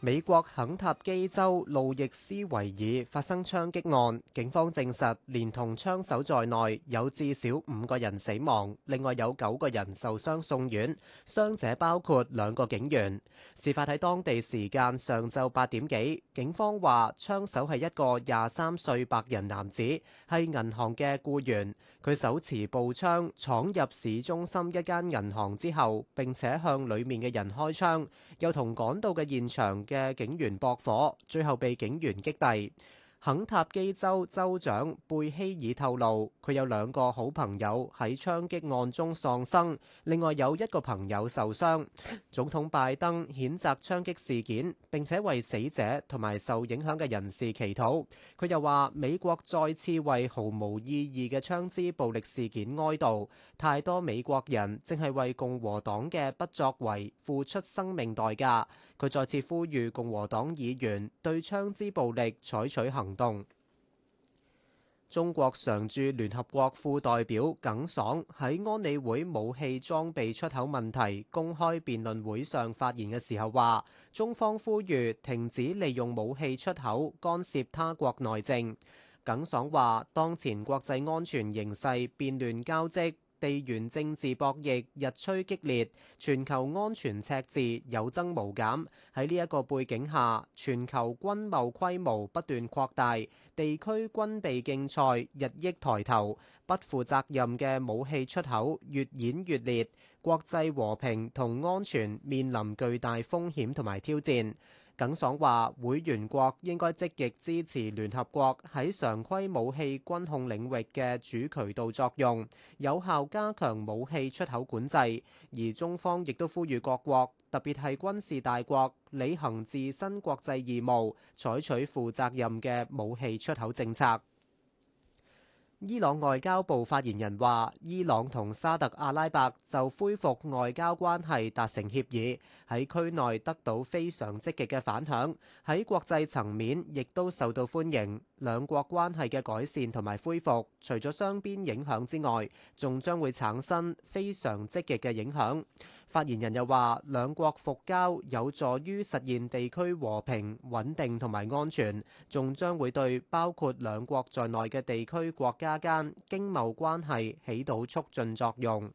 美國肯塔基州路易斯維爾發生槍擊案，警方證實連同槍手在內有至少五個人死亡，另外有九個人受傷送院，傷者包括兩個警員。事發喺當地時間上晝八點幾，警方話槍手係一個廿三歲白人男子，係銀行嘅雇員。佢手持步槍闖入市中心一間銀行之後，並且向裏面嘅人開槍，又同趕到嘅現場。嘅警員搏火，最後被警員擊斃。肯塔基州州長貝希爾透露，佢有兩個好朋友喺槍擊案中喪生，另外有一個朋友受傷。總統拜登譴責槍擊事件，並且為死者同埋受影響嘅人士祈禱。佢又話，美國再次為毫無意義嘅槍支暴力事件哀悼，太多美國人正係為共和黨嘅不作為付出生命代價。佢再次呼籲共和黨議員對槍支暴力採取行。行動。中國常駐聯合國副代表耿爽喺安理會武器裝備出口問題公開辯論會上發言嘅時候話，中方呼籲停止利用武器出口干涉他國內政。耿爽話，當前國際安全形勢變亂交織。地緣政治博弈日趨激烈，全球安全赤字有增無減。喺呢一個背景下，全球軍貿規模不斷擴大，地區軍備競賽日益抬頭，不負責任嘅武器出口越演越烈，國際和平同安全面臨巨大風險同埋挑戰。耿爽話：會員國應該積極支持聯合國喺常規武器軍控領域嘅主渠道作用，有效加強武器出口管制。而中方亦都呼籲各國，特別係軍事大國，履行自身國際義務，採取負責任嘅武器出口政策。伊朗外交部發言人話：伊朗同沙特阿拉伯就恢復外交關係達成協議，喺區內得到非常積極嘅反響，喺國際層面亦都受到歡迎。兩國關係嘅改善同埋恢復，除咗雙邊影響之外，仲將會產生非常積極嘅影響。發言人又話，兩國復交有助於實現地區和平、穩定同埋安全，仲將會對包括兩國在內嘅地區國家間經貿關係起到促進作用。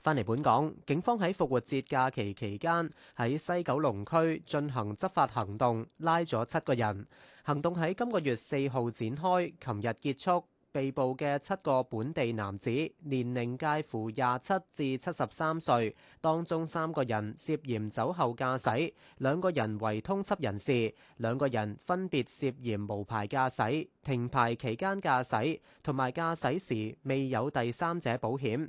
翻嚟本港，警方喺復活節假期期間喺西九龍區進行執法行動，拉咗七個人。行動喺今個月四號展開，琴日結束。被捕嘅七個本地男子，年齡介乎廿七至七十三歲，當中三個人涉嫌酒後駕駛，兩個人為通緝人士，兩個人分別涉嫌無牌駕駛、停牌期間駕駛，同埋駕駛時未有第三者保險。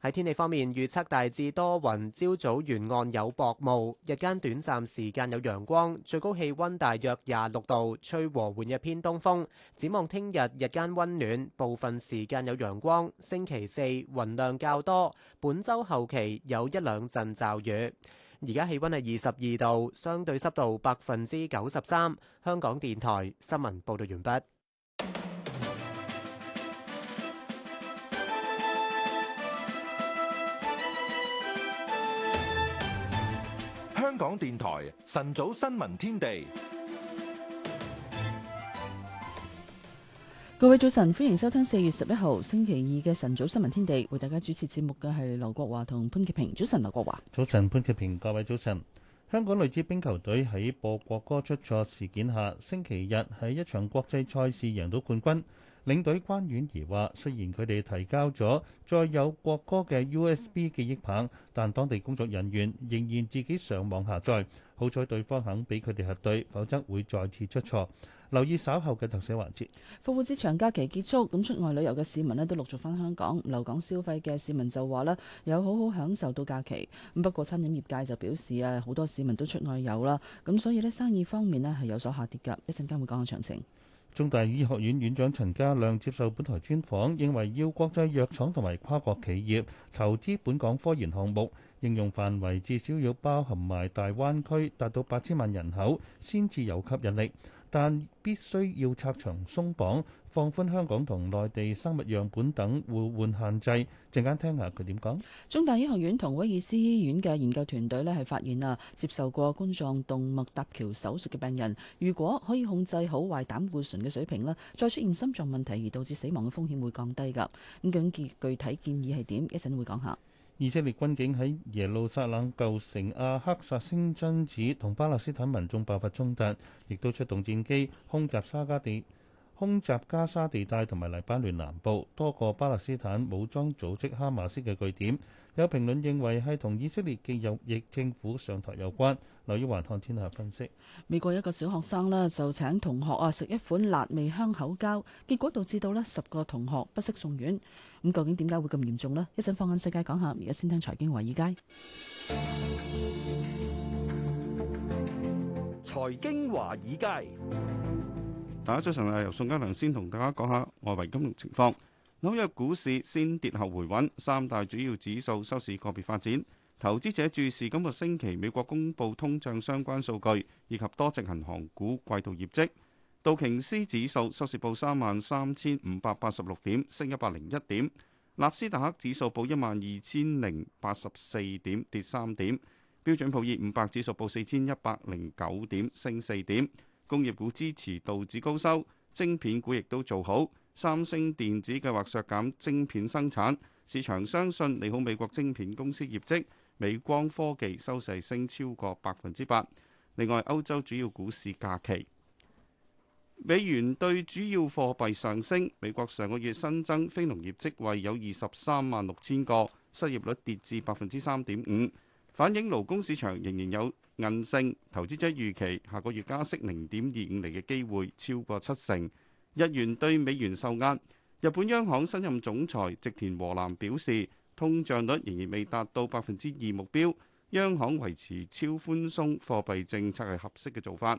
喺天氣方面，預測大致多雲，朝早沿岸有薄霧，日間短暫時間有陽光，最高氣溫大約廿六度，吹和緩一偏東風。展望聽日，日間溫暖，部分時間有陽光。星期四雲量較多，本周後期有一兩陣驟雨。而家氣溫係二十二度，相對濕度百分之九十三。香港電台新聞報道完畢。香港電台晨早新聞天地，各位早晨，歡迎收聽四月十一號星期二嘅晨早新聞天地，為大家主持節目嘅係劉國華同潘潔平。早晨，劉國華，早晨，潘潔平，各位早晨。香港女子冰球隊喺播國歌出錯事件下，星期日喺一場國際賽事贏到冠軍。領隊關婉儀話：雖然佢哋提交咗再有國歌嘅 USB 記憶棒，但當地工作人員仍然自己上網下載。好彩對方肯俾佢哋核對，否則會再次出錯。留意稍後嘅特寫環節。復活節長假期結束，咁出外旅遊嘅市民咧都陸續返香港。留港消費嘅市民就話咧，有好好享受到假期。咁不過餐飲業界就表示啊，好多市民都出外遊啦，咁所以咧生意方面咧係有所下跌㗎。一陣間會講下詳情。中大醫學院院長陳家亮接受本台專訪，認為要國際藥廠同埋跨國企業投資本港科研項目，應用範圍至少要包含埋大灣區，達到八千萬人口，先至有吸引力。但必須要拆牆鬆綁，放寬香港同內地生物樣本等互換限制。陣間聽下佢點講，中大醫學院同威爾斯醫院嘅研究團隊咧係發現啊，接受過冠狀動脈搭橋手術嘅病人，如果可以控制好壞膽固醇嘅水平咧，再出現心臟問題而導致死亡嘅風險會降低㗎，咁緊結具體建議係點？一陣會講下。以色列軍警喺耶路撒冷舊城、阿克薩清真寺同巴勒斯坦民眾爆發衝突，亦都出動戰機空襲沙加地、空襲加沙地帶同埋黎巴嫩南部多個巴勒斯坦武裝組織哈馬斯嘅據點。有評論認為係同以色列嘅右翼政府上台有關。劉于環看天下分析，美國一個小學生呢就請同學啊食一款辣味香口膠，結果導致到呢十個同學不適送院。咁究竟點解會咁嚴重呢？一陣放眼世界講下，而家先聽財經華爾街。財經華爾街，大家早晨啊！由宋嘉良先同大家講下外圍金融情況。紐約股市先跌後回穩，三大主要指數收市個別發展。投資者注視今個星期美國公布通脹相關數據，以及多隻銀行股季度業績。道瓊斯指數收市報三萬三千五百八十六點，升一百零一點；納斯達克指數報一萬二千零八十四點，跌三點；標準普爾五百指數報四千一百零九點，升四點。工業股支持道指高收，晶片股亦都做好。三星電子計劃削減晶片生產，市場相信利好美國晶片公司業績。美光科技收市升超過百分之八。另外，歐洲主要股市假期，美元對主要貨幣上升。美國上個月新增非農業職位有二十三萬六千個，失業率跌至百分之三點五，反映勞工市場仍然有韌性。投資者預期下個月加息零點二五厘嘅機會超過七成。日元對美元受壓。日本央行新任總裁植田和男表示。通脹率仍然未達到百分之二目標，央行維持超寬鬆貨幣政策係合適嘅做法。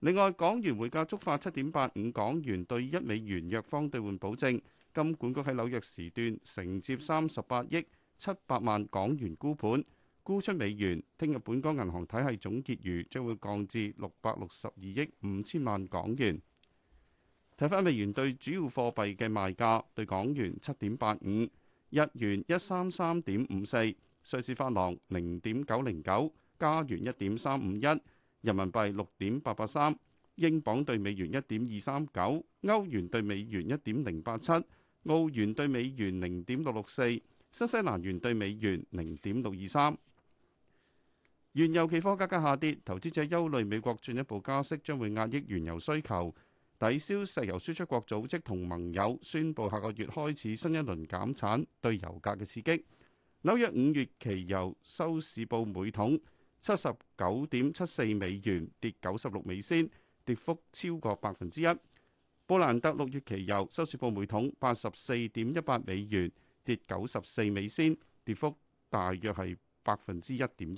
另外，港元匯價觸發七點八五港元對一美元弱方兌換保證。金管局喺紐約時段承接三十八億七百萬港元沽盤，沽出美元。聽日本港銀行體系總結餘將會降至六百六十二億五千萬港元。睇翻美元對主要貨幣嘅賣價，對港元七點八五。日元一三三點五四，瑞士法郎零點九零九，加元一點三五一，人民幣六點八八三，英鎊兌美元一點二三九，歐元兌美元一點零八七，澳元兌美元零點六六四，新西蘭元兌美元零點六二三。原油期貨價格下跌，投資者憂慮美國進一步加息將會壓抑原油需求。抵消石油輸出國組織同盟友宣布下個月開始新一輪減產對油價嘅刺激。紐約五月期油收市報每桶七十九點七四美元，跌九十六美仙，跌幅超過百分之一。布蘭特六月期油收市報每桶八十四點一八美元，跌九十四美仙，跌幅大約係百分之一點一。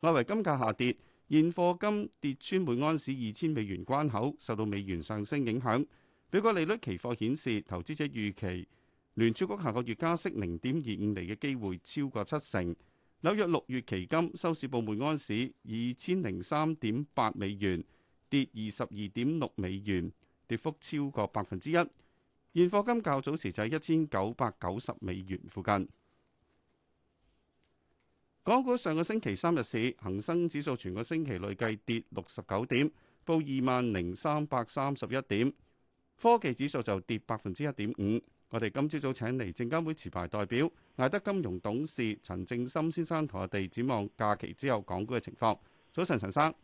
外圍金價下跌。現貨金跌穿每安士二千美元關口，受到美元上升影響。美國利率期貨顯示，投資者預期聯儲局下個月加息零點二五厘嘅機會超過七成。紐約六月期金收市報每安士二千零三點八美元，跌二十二點六美元，跌幅超過百分之一。現貨金較早時就喺一千九百九十美元附近。港股上個星期三日市，恒生指數全個星期累計跌六十九點，報二萬零三百三十一點。科技指數就跌百分之一點五。我哋今朝早請嚟證監會持牌代表，艾德金融董事陳正森先生同我哋展望假期之後港股嘅情況。早晨，陳生，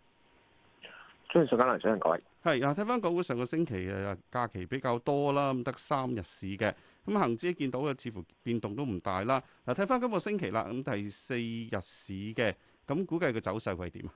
早晨，大家好，早晨各位。係，睇翻港股上個星期假期比較多啦，得三日市嘅。咁恒指見到嘅似乎變動都唔大啦。嗱，睇翻今個星期啦，咁第四日市嘅，咁估計嘅走勢會點啊？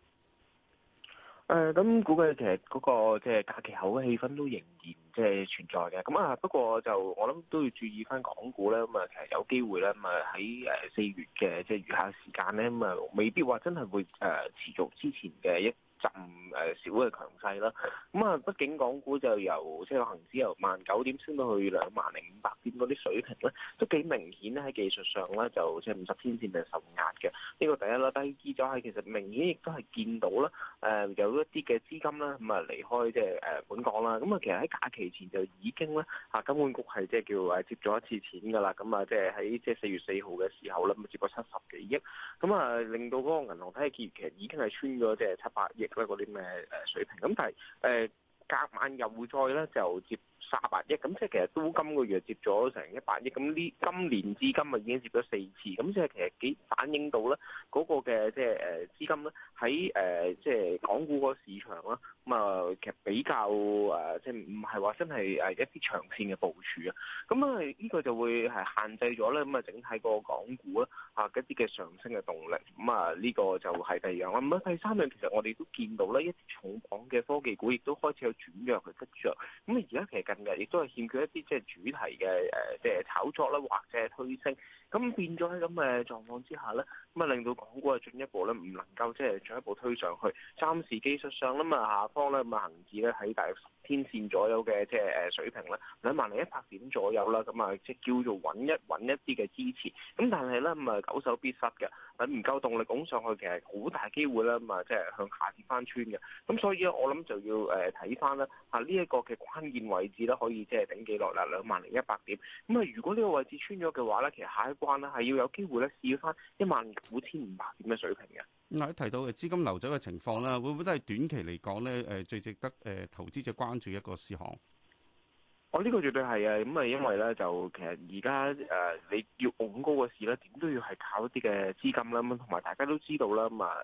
誒、呃，咁估計其實嗰個即係假期後嘅氣氛都仍然即係存在嘅。咁啊，不過就我諗都要注意翻港股咧。咁啊，其實有機會咧，咁啊喺誒四月嘅即係餘下時間咧，咁啊未必話真係會誒持續之前嘅一浸誒少嘅強勢啦，咁、嗯、啊，畢竟港股就由即係個恆指由萬九點升到去兩萬零五百點嗰啲水平咧，都幾明顯咧喺技術上咧就即係五十天線定受壓嘅，呢、這個第一啦。第二依家其實明顯亦都係見到啦，誒、呃、有一啲嘅資金啦，咁、嗯、啊離開即係誒本港啦。咁啊，其實喺假期前就已經咧，啊金管局係即係叫誒接咗一次錢噶啦，咁啊即係喺即係四月四號嘅時候咧，咁接過七十幾億，咁啊令到嗰個銀行體結其實已經係穿咗即係七百億。嗰啲咩誒水平咁，但係誒隔晚又會再咧就接。 三十八億，咁即係其實都今個月接咗成一百億，咁呢今年至今啊已經接咗四次，咁即係其實幾反映到咧嗰個嘅即係誒資金咧喺誒即係港股個市場啦，咁、嗯、啊其實比較誒、呃、即係唔係話真係誒一啲長線嘅部署啊，咁啊呢個就會係限制咗咧，咁啊整體個港股咧啊一啲嘅上升嘅動力，咁啊呢個就係第二樣咁啊、嗯、第三樣其實我哋都見到咧一啲重磅嘅科技股亦都開始有轉弱嘅跡象，咁啊而家其實。近嘅，亦都係欠缺一啲即係主題嘅誒，即係炒作啦，或者推升。咁變咗喺咁嘅狀況之下咧，咁啊令到港股啊進一步咧唔能夠即係進一步推上去。暫時技術上咧，咁下方咧咁啊恒指咧喺大約十天線左右嘅即係誒水平咧兩萬零一百點左右啦，咁啊即係叫做揾一揾一啲嘅支持。咁但係咧咁啊久守必失嘅，唔夠動力拱上去，其實好大機會咧咁啊即係向下跌翻穿嘅。咁所以咧我諗就要誒睇翻咧喺呢一個嘅關鍵位置咧可以即係頂幾耐啦，兩萬零一百點。咁啊如果呢個位置穿咗嘅話咧，其實下一關啦， 要有機會咧試翻一萬五千五百點嘅水平嘅。嗱，提到誒資金流走嘅情況啦，會唔會都係短期嚟講咧？誒最值得誒投資者關注一個事項。我呢、哦這個絕對係啊，咁、嗯、啊，因為咧就其實而家誒你要戇高嘅市咧，點都要係靠一啲嘅資金啦，咁同埋大家都知道啦，咁啊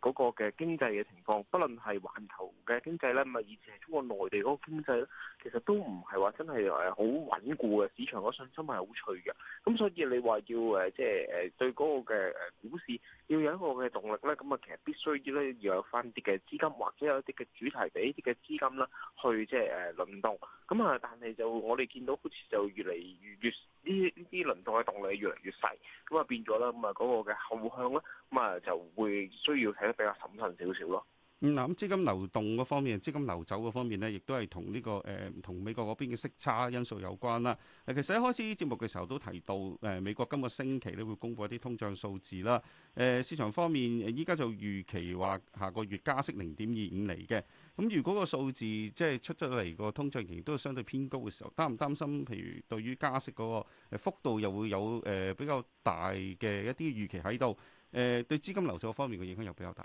誒嗰個嘅經濟嘅情況，不論係環球嘅經濟咧，咁啊以前係中國內地嗰個經濟咧，其實都唔係話真係誒好穩固嘅市場嗰信心係好脆嘅，咁所以你話要誒即係誒對嗰個嘅股市要有一個嘅動力咧，咁啊其實必須要咧要有翻啲嘅資金，或者有一啲嘅主題俾啲嘅資金啦去即係誒輪動，咁、呃、啊但係。就我哋見到，好似就越嚟越越呢呢啲輪動嘅動力越嚟越細，咁啊變咗啦，咁啊嗰個嘅後向咧，咁啊就會需要睇得比較審慎少少咯。咁資金流動嗰方面、資金流走嗰方面呢，亦都係同呢、這個誒、呃、同美國嗰邊嘅息差因素有關啦、呃。其實一開始節目嘅時候都提到，誒、呃、美國今個星期咧會公布一啲通脹數字啦。誒、呃、市場方面，依、呃、家就預期話下個月加息零點二五厘嘅。咁、嗯、如果個數字即係出咗嚟個通脹期都係相對偏高嘅時候，擔唔擔心？譬如對於加息嗰、那個、呃、幅度又會有誒、呃、比較大嘅一啲預期喺度，誒、呃、對資金流走方面嘅影響又比較大。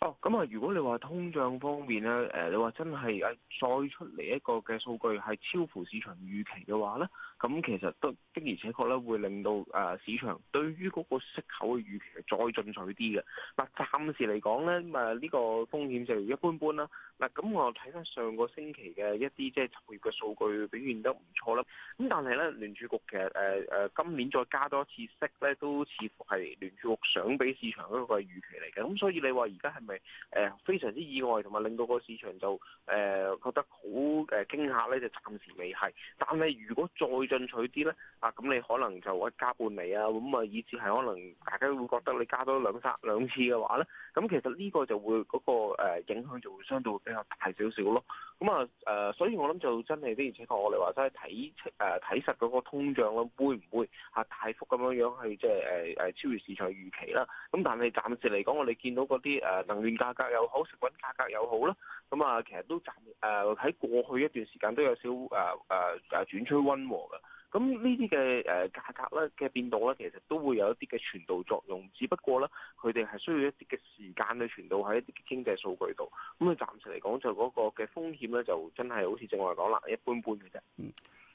哦，咁、嗯、啊，如果你話通脹方面咧，誒、呃，你話真係誒，再出嚟一個嘅數據，係超乎市場預期嘅話咧。咁其實都的，而且確咧會令到誒市場對於嗰個息口嘅預期再進取啲嘅。嗱，暫時嚟講咧，咁、這、呢個風險就一般般啦。嗱，咁我睇翻上個星期嘅一啲即係七月嘅數據表現得唔錯啦。咁但係咧，聯儲局其實誒誒、呃呃、今年再加多一次息咧，都似乎係聯儲局想俾市場嗰個預期嚟嘅。咁所以你話而家係咪誒非常之意外同埋令到個市場就誒、呃、覺得好誒驚嚇咧？就暫時未係。但係如果再進取啲咧，啊咁你可能就會加半釐啊，咁啊，以至係可能大家會覺得你加多兩三兩次嘅話咧，咁其實呢個就會嗰、嗰個影響就會相對會比較大少少咯。咁啊誒，所以我諗就真係的而且確我，我哋話齋係睇出睇實嗰個通脹咯，會唔會啊大幅咁樣樣去即係誒誒超越市場嘅預期啦？咁但係暫時嚟講，我哋見到嗰啲誒能源價格又好，食品價格又好啦。咁啊，其實都暫誒喺、呃、過去一段時間都有少誒誒誒轉趨溫和嘅。咁呢啲嘅誒價格咧嘅變動咧，其實都會有一啲嘅傳導作用。只不過咧，佢哋係需要一啲嘅時間去傳導喺一啲經濟數據度。咁、嗯、啊，暫時嚟講就嗰個嘅風險咧，就真係好似正話講啦，一般般嘅啫。嗯。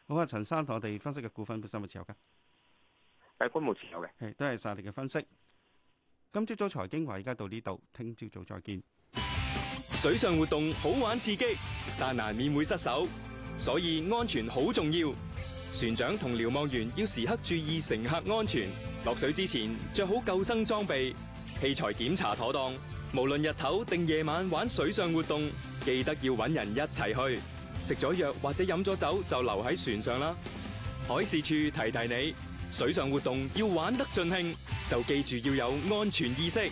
好啊，陳生同我哋分析嘅股份本身咪持有嘅，係均冇持有嘅，係多謝晒你嘅分析。今朝早財經話，而家到呢度，聽朝早再見。水上活動好玩刺激，但難免會失手，所以安全好重要。船長同瞭望員要時刻注意乘客安全。落水之前着好救生裝備，器材檢查妥當。無論日頭定夜晚玩水上活動，記得要揾人一齊去。食咗藥或者飲咗酒就留喺船上啦。海事處提提你，水上活動要玩得盡興，就記住要有安全意識。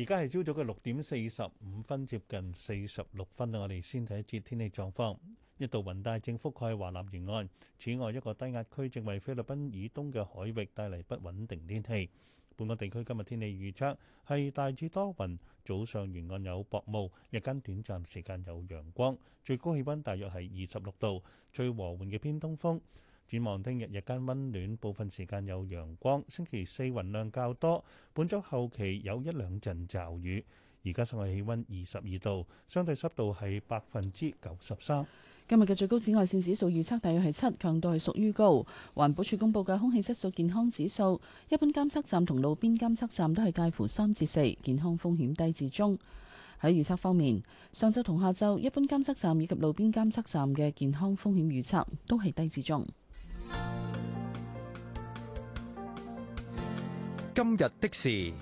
而家係朝早嘅六點四十五分，接近四十六分啦。我哋先睇一節天氣狀況，一道雲帶正覆蓋華南沿岸，此外一個低壓區正為菲律賓以東嘅海域帶嚟不穩定天氣。本港地區今日天氣預測係大致多雲，早上沿岸有薄霧，日間短暫時間有陽光，最高氣温大約係二十六度，最和緩嘅偏東風。展望聽日日間溫暖，部分時間有陽光。星期四雲量較多，本週後期有一兩陣驟雨。而家室外氣溫二十二度，相對濕度係百分之九十三。今日嘅最高紫外線指數預測大約係七，強度係屬於高。環保署公佈嘅空氣質素健康指數，一般監測站同路邊監測站都係介乎三至四，健康風險低至中。喺預測方面，上晝同下晝一般監測站以及路邊監測站嘅健康風險預測都係低至中。今日的事，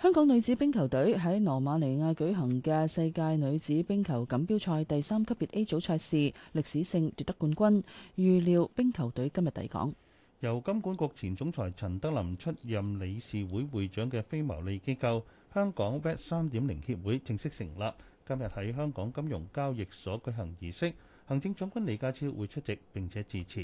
香港女子冰球隊喺羅馬尼亞舉行嘅世界女子冰球錦標賽第三級別 A 組賽事，歷史性奪得冠軍。預料冰球隊今日抵港。由金管局前總裁陳德霖出任理事會會長嘅非牟利機構香港 Web 三點零協會正式成立，今日喺香港金融交易所舉行儀式。行政長官李家超會出席並且致辭。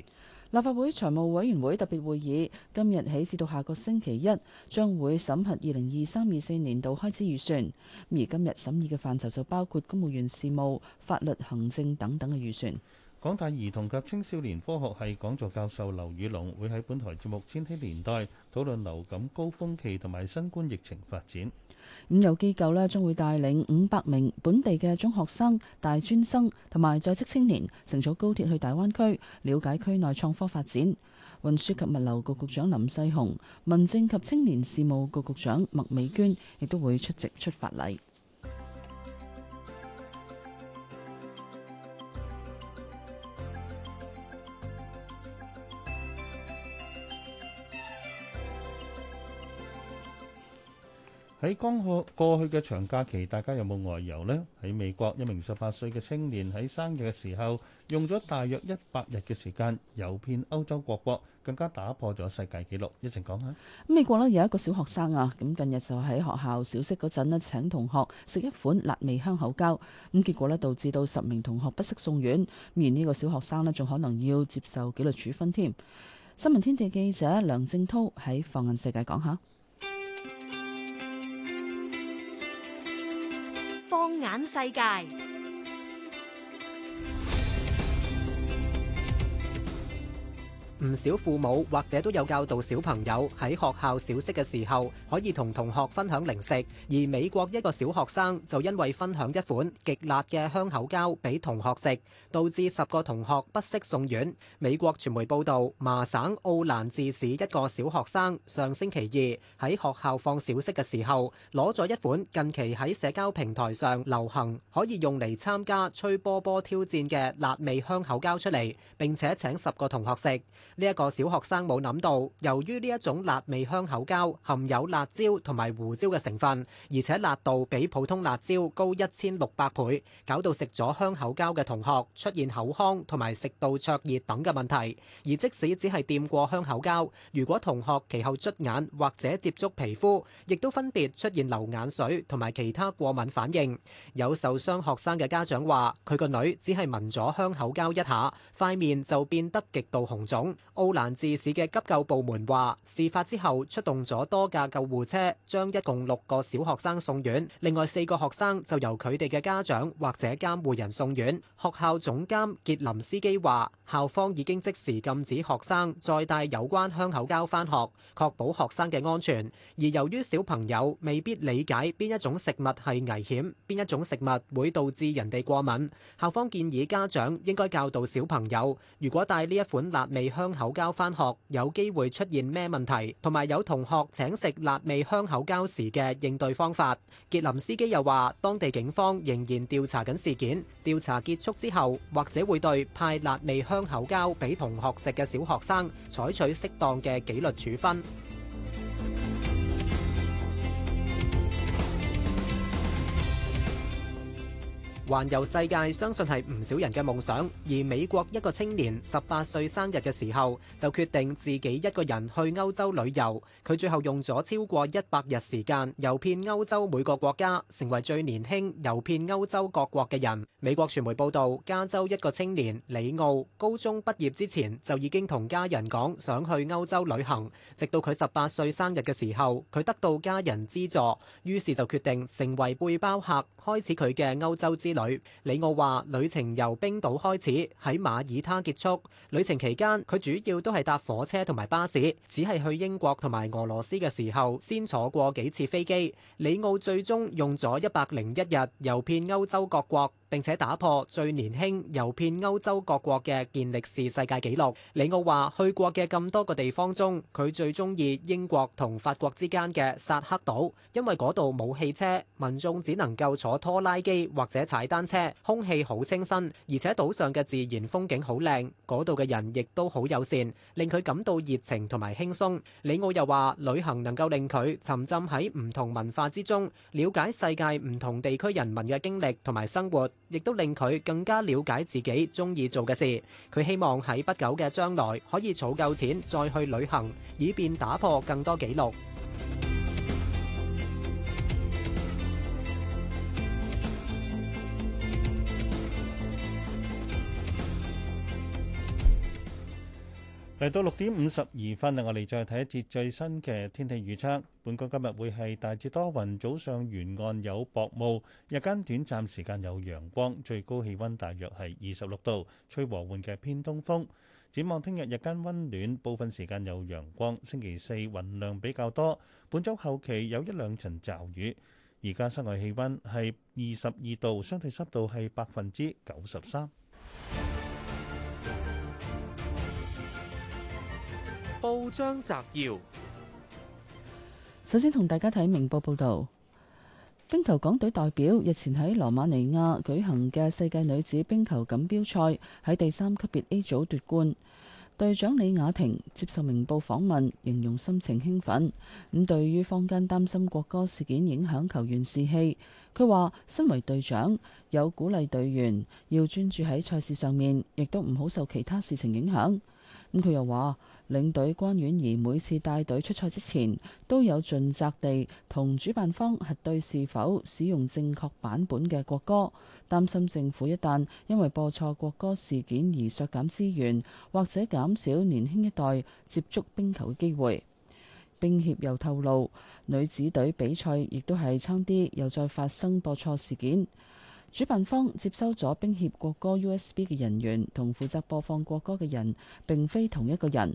立法會財務委員會特別會議今日起至到下個星期一，將會審核二零二三二四年度開支預算。而今日審議嘅範疇就包括公務員事務、法律、行政等等嘅預算。港大兒童及青少年科學系講座教授劉宇龍會喺本台節目《千禧年代》討論流感高峰期同埋新冠疫情發展。旅遊機構呢將會帶領五百名本地嘅中學生、大專生同埋在職青年乘坐高鐵去大灣區，了解區內創科發展。運輸及物流局局長林世雄、民政及青年事務局局長麥美娟亦都會出席出發禮。喺剛剛過去嘅長假期，大家有冇外遊呢？喺美國，一名十八歲嘅青年喺生日嘅時候，用咗大約一百日嘅時間遊遍歐洲各國，更加打破咗世界紀錄。一陣講下。咁美國呢有一個小學生啊，咁近日就喺學校小息嗰陣呢，請同學食一款辣味香口膠，咁結果呢導致到十名同學不適送院，而呢個小學生呢仲可能要接受紀律處分添。新聞天地記者梁正濤喺放眼世界講下。眼世界。唔少父母或者都有教導小朋友喺學校小息嘅時候可以同同學分享零食，而美國一個小學生就因為分享一款極辣嘅香口膠俾同學食，導致十個同學不適送院。美國傳媒報道，麻省奧蘭治市一個小學生上星期二喺學校放小息嘅時候，攞咗一款近期喺社交平台上流行，可以用嚟參加吹波波挑戰嘅辣味香口膠出嚟，並且請十個同學食。呢一個小學生冇諗到，由於呢一種辣味香口膠含有辣椒同埋胡椒嘅成分，而且辣度比普通辣椒高一千六百倍，搞到食咗香口膠嘅同學出現口腔同埋食道灼熱等嘅問題。而即使只係掂過香口膠，如果同學其後捽眼或者接觸皮膚，亦都分別出現流眼水同埋其他過敏反應。有受傷學生嘅家長話：佢個女只係聞咗香口膠一下，塊面就變得極度紅腫。奧蘭治市嘅急救部門話，事發之後出動咗多架救護車，將一共六個小學生送院，另外四個學生就由佢哋嘅家長或者監護人送院。學校總監傑林斯基話。校方已經即時禁止學生再帶有關香口膠返學，確保學生嘅安全。而由於小朋友未必理解邊一種食物係危險，邊一種食物會導致人哋過敏，校方建議家長應該教導小朋友，如果帶呢一款辣味香口膠返學，有機會出現咩問題，同埋有同學請食辣味香口膠時嘅應對方法。傑林斯基又話，當地警方仍然調查緊事件，調查結束之後，或者會對派辣味香將口交俾同學食嘅小學生，採取適當嘅紀律處分。環遊世界相信係唔少人嘅夢想，而美國一個青年十八歲生日嘅時候就決定自己一個人去歐洲旅遊。佢最後用咗超過一百日時間遊遍歐洲每個國家，成為最年輕遊遍歐洲各國嘅人。美國傳媒報道，加州一個青年里奧高中畢業之前就已經同家人講想去歐洲旅行，直到佢十八歲生日嘅時候，佢得到家人資助，於是就決定成為背包客，開始佢嘅歐洲之旅。里奧話：旅程由冰島開始，喺馬耳他結束。旅程期間，佢主要都係搭火車同埋巴士，只係去英國同埋俄羅斯嘅時候先坐過幾次飛機。里奧最終用咗一百零一日遊遍歐洲各國。並且打破最年輕遊遍歐洲各國嘅健力士世界紀錄。李奧話：去過嘅咁多個地方中，佢最中意英國同法國之間嘅薩克島，因為嗰度冇汽車，民眾只能夠坐拖拉機或者踩單車，空氣好清新，而且島上嘅自然風景好靚，嗰度嘅人亦都好友善，令佢感到熱情同埋輕鬆。李奧又話：旅行能夠令佢沉浸喺唔同文化之中，了解世界唔同地區人民嘅經歷同埋生活。亦都令佢更加了解自己鍾意做嘅事，佢希望喺不久嘅將來可以儲夠錢再去旅行，以便打破更多紀錄。嚟到六點五十二分啊！我哋再睇一節最新嘅天氣預測。本港今日會係大致多雲，早上沿岸有薄霧，日間短暫時間有陽光，最高氣温大約係二十六度，吹和緩嘅偏東風。展望聽日日間温暖，部分時間有陽光。星期四雲量比較多，本週後期有一兩層驟雨。而家室外氣温係二十二度，相對濕度係百分之九十三。張澤耀，首先同大家睇明報報道，冰球港隊代表日前喺羅馬尼亞舉行嘅世界女子冰球錦標賽喺第三級別 A 組奪冠。隊長李雅婷接受明報訪問，形容心情興奮。咁對於坊間擔心國歌事件影響球員士氣，佢話身為隊長有鼓勵隊員要專注喺賽事上面，亦都唔好受其他事情影響。咁佢又話，領隊關婉儀每次帶隊出賽之前，都有盡責地同主辦方核對是否使用正確版本嘅國歌，擔心政府一旦因為播錯國歌事件而削減資源，或者減少年輕一代接觸冰球嘅機會。冰協又透露，女子隊比賽亦都係差啲又再發生播錯事件。主辦方接收咗冰協國歌 USB 嘅人員同負責播放國歌嘅人，並非同一個人。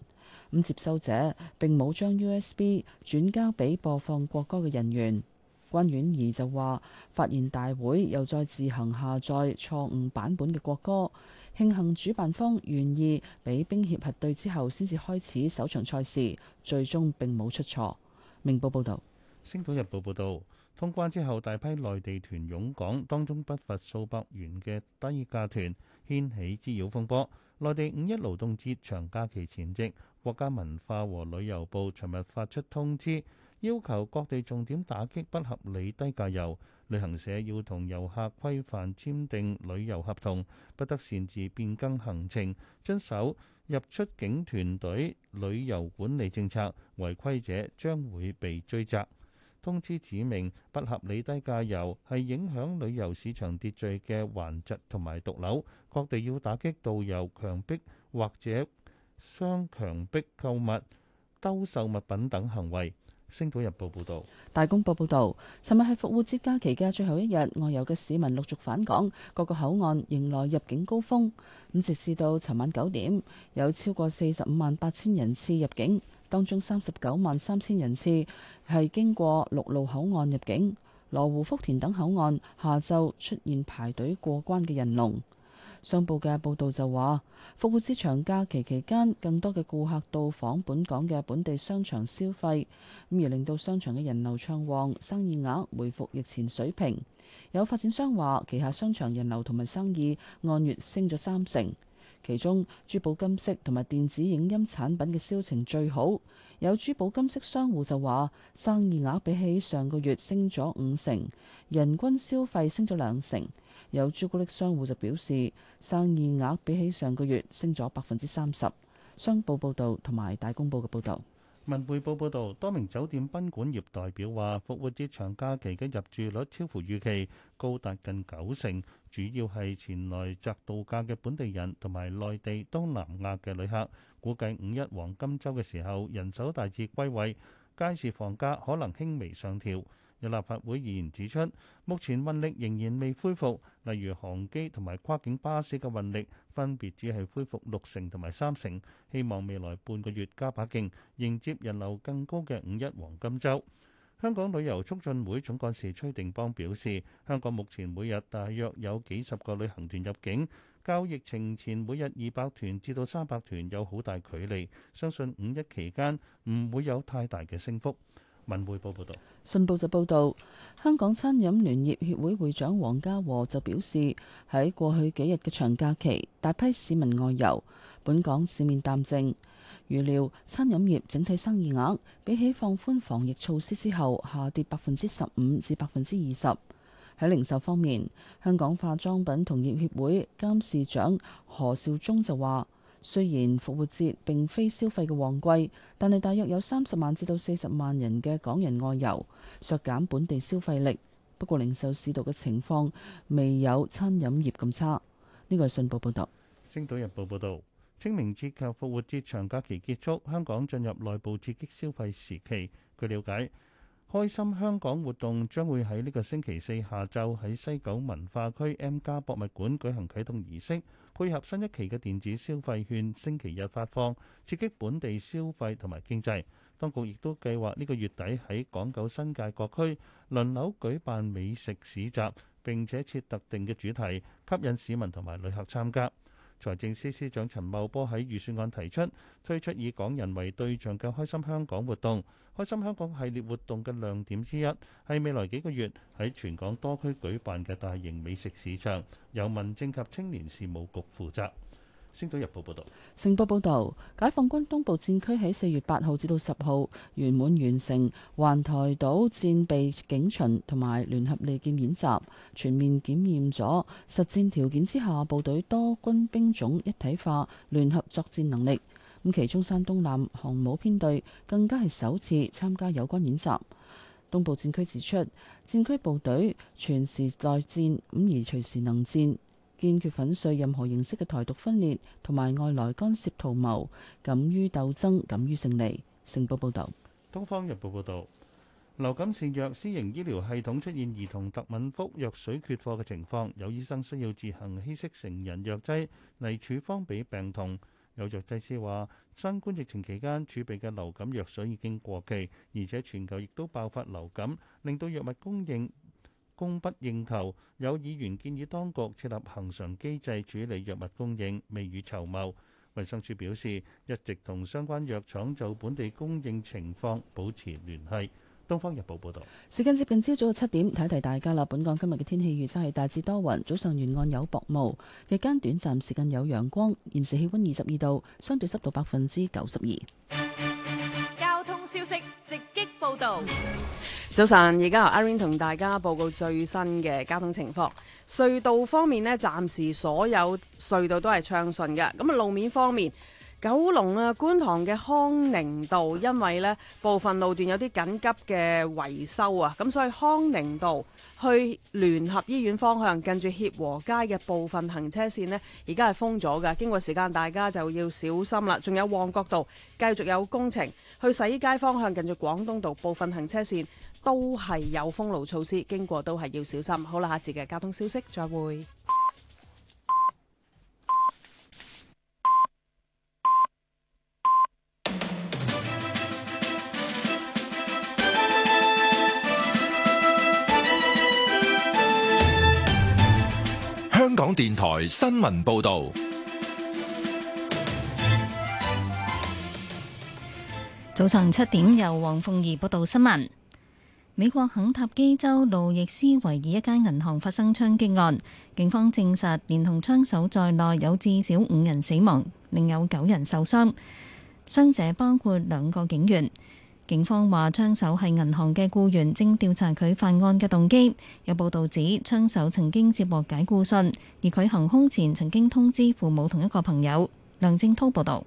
咁接收者並冇將 USB 轉交俾播放國歌嘅人員。關婉儀就話：發現大會又再自行下載錯誤版本嘅國歌，慶幸主辦方願意俾冰協核對之後，先至開始首場賽事，最終並冇出錯。明報報道。《星島日報》報道。通關之後，大批內地團湧港，當中不乏數百元嘅低價團，掀起滋擾風波。內地五一勞動節長假期前夕，國家文化和旅遊部尋日發出通知，要求各地重點打擊不合理低價遊，旅行社要同遊客規範簽訂旅遊合同，不得擅自變更行程，遵守入出境團隊旅遊管理政策，違規者將會被追責。通知指明不合理低價遊係影響旅遊市場秩序嘅頑疾同埋毒瘤，各地要打擊導遊強迫或者雙強迫購物、兜售物品等行為。星島日報報道，大公報報道，尋日係復活節假期嘅最後一日，外遊嘅市民陸續返港，各個口岸迎來入境高峰。咁直至到尋晚九點，有超過四十五萬八千人次入境。當中三十九萬三千人次係經過陸路口岸入境，羅湖、福田等口岸下晝出現排隊過關嘅人龍。商報嘅報導就話，復活節長假期期間，更多嘅顧客到訪本港嘅本地商場消費，咁而令到商場嘅人流暢旺，生意額回復疫前水平。有發展商話，旗下商場人流同埋生意按月升咗三成。其中珠寶金飾同埋電子影音產品嘅銷情最好，有珠寶金飾商戶就話生意額比起上個月升咗五成，人均消費升咗兩成。有朱古力商戶就表示生意額比起上個月升咗百分之三十。商報報導同埋大公報嘅報導。文匯報報道，多名酒店賓館業代表話，復活節長假期嘅入住率超乎預期，高達近九成，主要係前來宅度假嘅本地人同埋內地東南亞嘅旅客。估計五一黃金周嘅時候，人手大致歸位，街市房價可能輕微上調。有立法會議員指出，目前運力仍然未恢復，例如航機同埋跨境巴士嘅運力分別只係恢復六成同埋三成，希望未來半個月加把勁，迎接人流更高嘅五一黃金週。香港旅遊促進會總幹事崔定邦表示，香港目前每日大約有幾十個旅行團入境，較疫情前每日二百團至到三百團有好大距離，相信五一期間唔會有太大嘅升幅。文匯報報道，信報就報道，香港餐飲聯業協會會長黃家和就表示，喺過去幾日嘅長假期，大批市民外遊，本港市面淡靜，預料餐飲業整體生意額比起放寬防疫措施之後下跌百分之十五至百分之二十。喺零售方面，香港化妝品同業協會監事長何少忠就話。雖然復活節並非消費嘅旺季，但係大約有三十萬至到四十萬人嘅港人外遊，削減本地消費力。不過零售市道嘅情況未有餐飲業咁差。呢個係信報報道。《星島日報》報道，清明節及復活節長假期結束，香港進入內部刺激消費時期。據了解，開心香港活動將會喺呢個星期四下晝喺西九文化區 M+ 博物館舉行啟動儀式，配合新一期嘅電子消費券，星期日發放，刺激本地消費同埋經濟。當局亦都計劃呢個月底喺港九新界各區輪流舉辦美食市集，並且設特定嘅主題，吸引市民同埋旅客參加。財政司司長陳茂波喺預算案提出推出以港人為對象嘅開心香港活動。開心香港系列活動嘅亮點之一，係未來幾個月喺全港多區舉辦嘅大型美食市場，由民政及青年事務局負責星島日報報道。星報報道，解放軍東部戰區喺四月八號至到十號圓滿完成環台島戰備警巡同埋聯合利劍演習，全面檢驗咗實戰條件之下部隊多軍兵種一體化聯合作戰能力。咁其中，山東南航母編隊更加係首次參加有關演習。東部戰區指出，戰區部隊全時待戰，咁而隨時能戰，堅決粉碎任何形式嘅台獨分裂同埋外來干涉圖謀敢於鬥爭敢於勝利。勝報報道東方日報報道流感善藥私營醫療系統出現兒童特敏福藥水缺貨嘅情況，有醫生需要自行稀釋成人藥劑嚟處方俾病童。有藥劑師話：新冠疫情期間儲備嘅流感藥水已經過期，而且全球亦都爆發流感，令到藥物供應供不應求。有議員建議當局設立恒常機制處理藥物供應，未雨綢繆。衛生署表示，一直同相關藥廠就本地供應情況保持聯繫。《東方日報》報道，時間接近朝早嘅七點，提提大家啦。本港今日嘅天氣預測係大致多雲，早上沿岸有薄霧，日間短暫時間有陽光。現時氣溫二十二度，相對濕度百分之九十二。交通消息直擊報道。早晨，而家由 Irene 同大家報告最新嘅交通情況。隧道方面呢，暫時所有隧道都係暢順嘅。咁啊，路面方面。九龍啊，觀塘嘅康寧道因為咧部分路段有啲緊急嘅維修啊，咁所以康寧道去聯合醫院方向，近住協和街嘅部分行車線呢，而家係封咗㗎。經過時間，大家就要小心啦。仲有旺角道繼續有工程，去洗衣街方向近住廣東道部分行車線都係有封路措施，經過都係要小心。好啦，下次嘅交通消息再會。香港電台新聞報道，早上七點由黃鳳儀報道新聞。美國肯塔基州路易斯維爾一間銀行發生槍擊案，警方證實連同槍手在內有至少五人死亡，另有九人受傷，傷者包括兩個警員。警方話槍手係銀行嘅僱員，正調查佢犯案嘅動機。有報道指槍手曾經接獲解僱信，而佢行兇前曾經通知父母同一個朋友。梁正滔報導。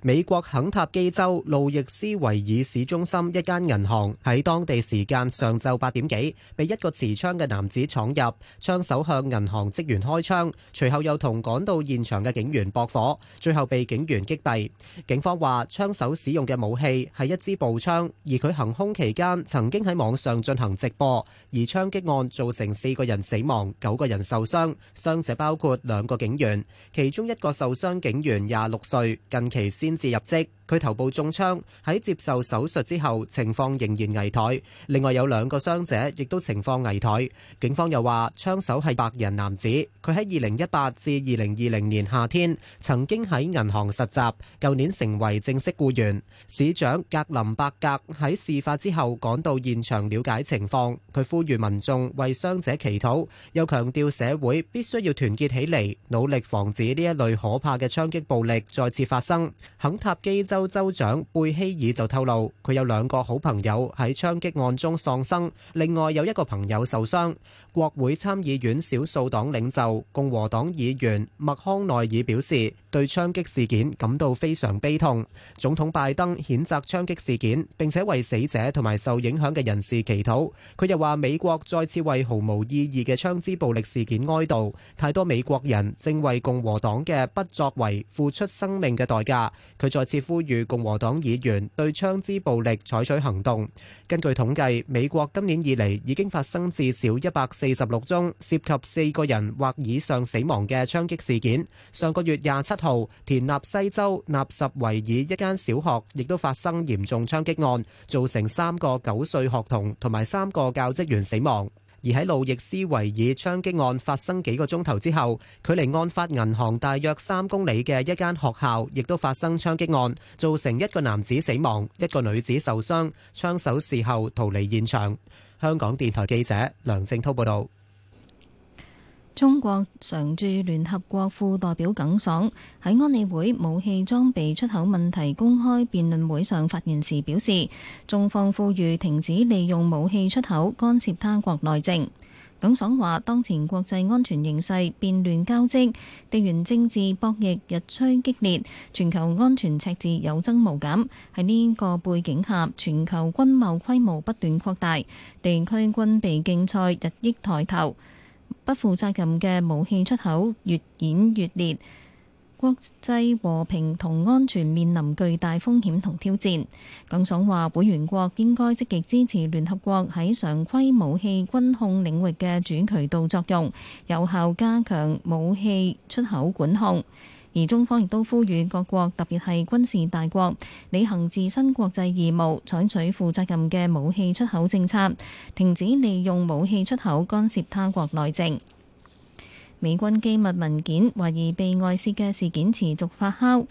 美國肯塔基州路易斯維爾市中心一間銀行喺當地時間上晝八點幾，被一個持槍嘅男子闖入，槍手向銀行職員開槍，隨後又同趕到現場嘅警員駁火，最後被警員擊斃。警方話，槍手使用嘅武器係一支步槍，而佢行凶期間曾經喺網上進行直播。而槍擊案造成四個人死亡，九個人受傷，傷者包括兩個警員，其中一個受傷警員廿六歲，近期先至入職。佢頭部中槍，喺接受手術之後情況仍然危殆。另外有兩個傷者亦都情況危殆。警方又話槍手係白人男子，佢喺二零一八至二零二零年夏天曾經喺銀行實習，舊年成為正式僱員。市長格林伯格喺事發之後趕到現場了解情況，佢呼籲民眾為傷者祈禱，又強調社會必須要團結起嚟，努力防止呢一類可怕嘅槍擊暴力再次發生。肯塔基州。州州長貝希爾就透露，佢有兩個好朋友喺槍擊案中喪生，另外有一個朋友受傷。國會參議院少數黨領袖共和黨議員麥康奈爾表示。對槍擊事件感到非常悲痛。總統拜登譴責槍擊事件，並且為死者同埋受影響嘅人士祈禱。佢又話美國再次為毫無意義嘅槍支暴力事件哀悼，太多美國人正為共和黨嘅不作為付出生命嘅代價。佢再次呼籲共和黨議員對槍支暴力採取行動。根據統計，美國今年以嚟已經發生至少一百四十六宗涉及四個人或以上死亡嘅槍擊事件。上個月廿七，圖田納西州納什維爾一間小學亦都發生嚴重槍擊案，造成三個九歲學童同埋三個教職員死亡。而喺路易斯維爾槍擊案發生幾個鐘頭之後，距離案發銀行大約三公里嘅一間學校，亦都發生槍擊案，造成一個男子死亡，一個女子受傷，槍手事後逃離現場。香港電台記者梁正濤報道。中國常駐聯合國副代表耿爽喺安理會武器裝備出口問題公開辯論會上發言時表示，中方呼籲停止利用武器出口干涉他國內政。耿爽話：當前國際安全形勢變亂交織，地緣政治博弈日趨激烈，全球安全赤字有增無減。喺呢個背景下，全球軍貿規模不斷擴大，地區軍備競賽日益抬頭。不負責任嘅武器出口越演越烈，國際和平同安全面臨巨大風險同挑戰。耿爽話：會員國應該積極支持聯合國喺常規武器軍控領域嘅主渠道作用，有效加強武器出口管控。而中方亦都呼籲各國，特別係軍事大國，履行自身國際義務，採取負責任嘅武器出口政策，停止利用武器出口干涉他國內政。美軍機密文件懷疑被外泄嘅事件持續發酵。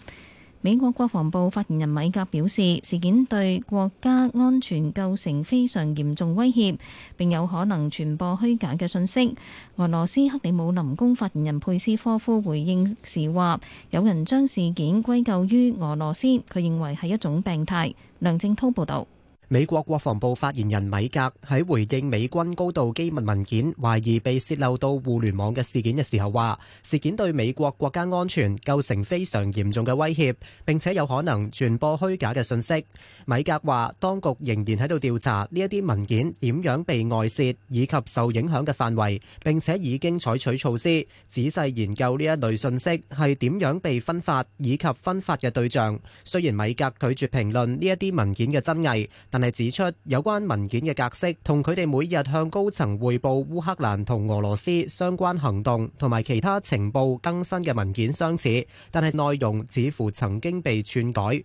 美國國防部發言人米格表示，事件對國家安全構成非常嚴重威脅，並有可能傳播虛假嘅訊息。俄羅斯克里姆林宮發言人佩斯科夫回應時話，有人將事件歸咎於俄羅斯，佢認為係一種病態。梁正滔報導。美國國防部發言人米格喺回應美軍高度機密文件懷疑被洩漏到互聯網嘅事件嘅時候話，事件對美國國家安全構成非常嚴重嘅威脅，並且有可能傳播虛假嘅訊息。米格話當局仍然喺度調查呢啲文件點樣被外洩，以及受影響嘅範圍，並且已經採取措施仔細研究呢一類訊息係點樣被分發，以及分發嘅對象。雖然米格拒絕評論呢啲文件嘅真偽，但係指出，有關文件嘅格式同佢哋每日向高層匯報烏克蘭同俄羅斯相關行動同埋其他情報更新嘅文件相似，但係內容似乎曾經被篡改。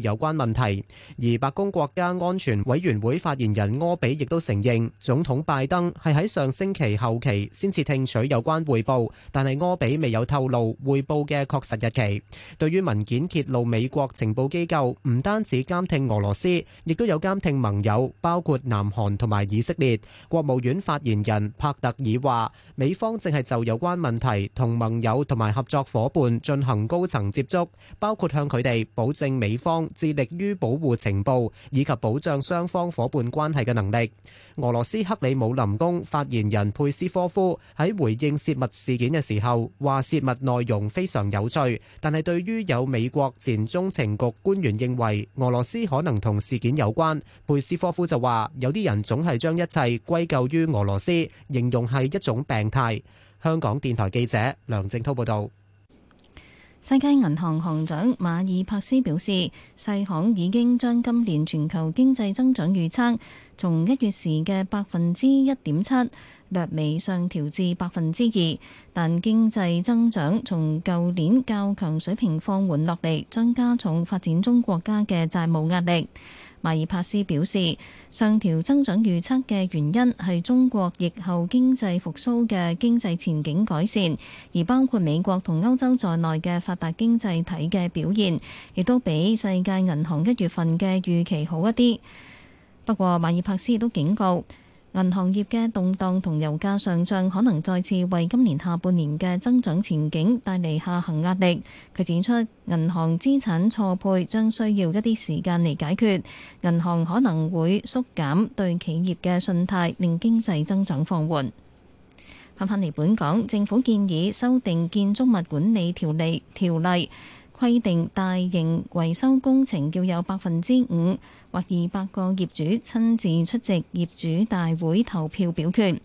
有關問題，而白宮國家安全委員會發言人柯比亦都承認，總統拜登係喺上星期後期先至聽取有關匯報，但係柯比未有透露匯報嘅確實日期。對於文件揭露美國情報機構唔單止監聽俄羅斯，亦都有監聽盟友，包括南韓同埋以色列。國務院發言人帕特爾話，美方正係就有關問題同盟友同埋合作夥伴進行高層接觸，包括向佢哋保證美方。致力於保護情報以及保障雙方夥伴關係嘅能力。俄羅斯克里姆林宮發言人佩斯科夫喺回應泄密事件嘅時候話：泄密內容非常有趣，但係對於有美國前中情局官員認為俄羅斯可能同事件有關，佩斯科夫就話：有啲人總係將一切歸咎於俄羅斯，形容係一種病態。香港電台記者梁正滔報道。世界銀行行長馬爾帕斯表示，世行已經將今年全球經濟增長預測從一月時嘅百分之一點七，略微上調至百分之二，但經濟增長從舊年較強水平放緩落嚟，將加重發展中國家嘅債務壓力。馬爾帕斯表示，上調增長預測嘅原因係中國疫後經濟復甦嘅經濟前景改善，而包括美國同歐洲在內嘅發達經濟體嘅表現，亦都比世界銀行一月份嘅預期好一啲。不過，馬爾帕斯亦都警告，銀行業嘅動盪同油價上漲可能再次為今年下半年嘅增長前景帶嚟，下行壓力。佢指出，銀行資產錯配將需要一啲時間嚟解決，銀行可能會縮減對企業嘅信貸令經濟增長放緩。翻返嚟本港，政府建議修訂建築物管理條例條例，規定大型維修工程要有百分之五。或二百個業主親自出席業主大會投票表決。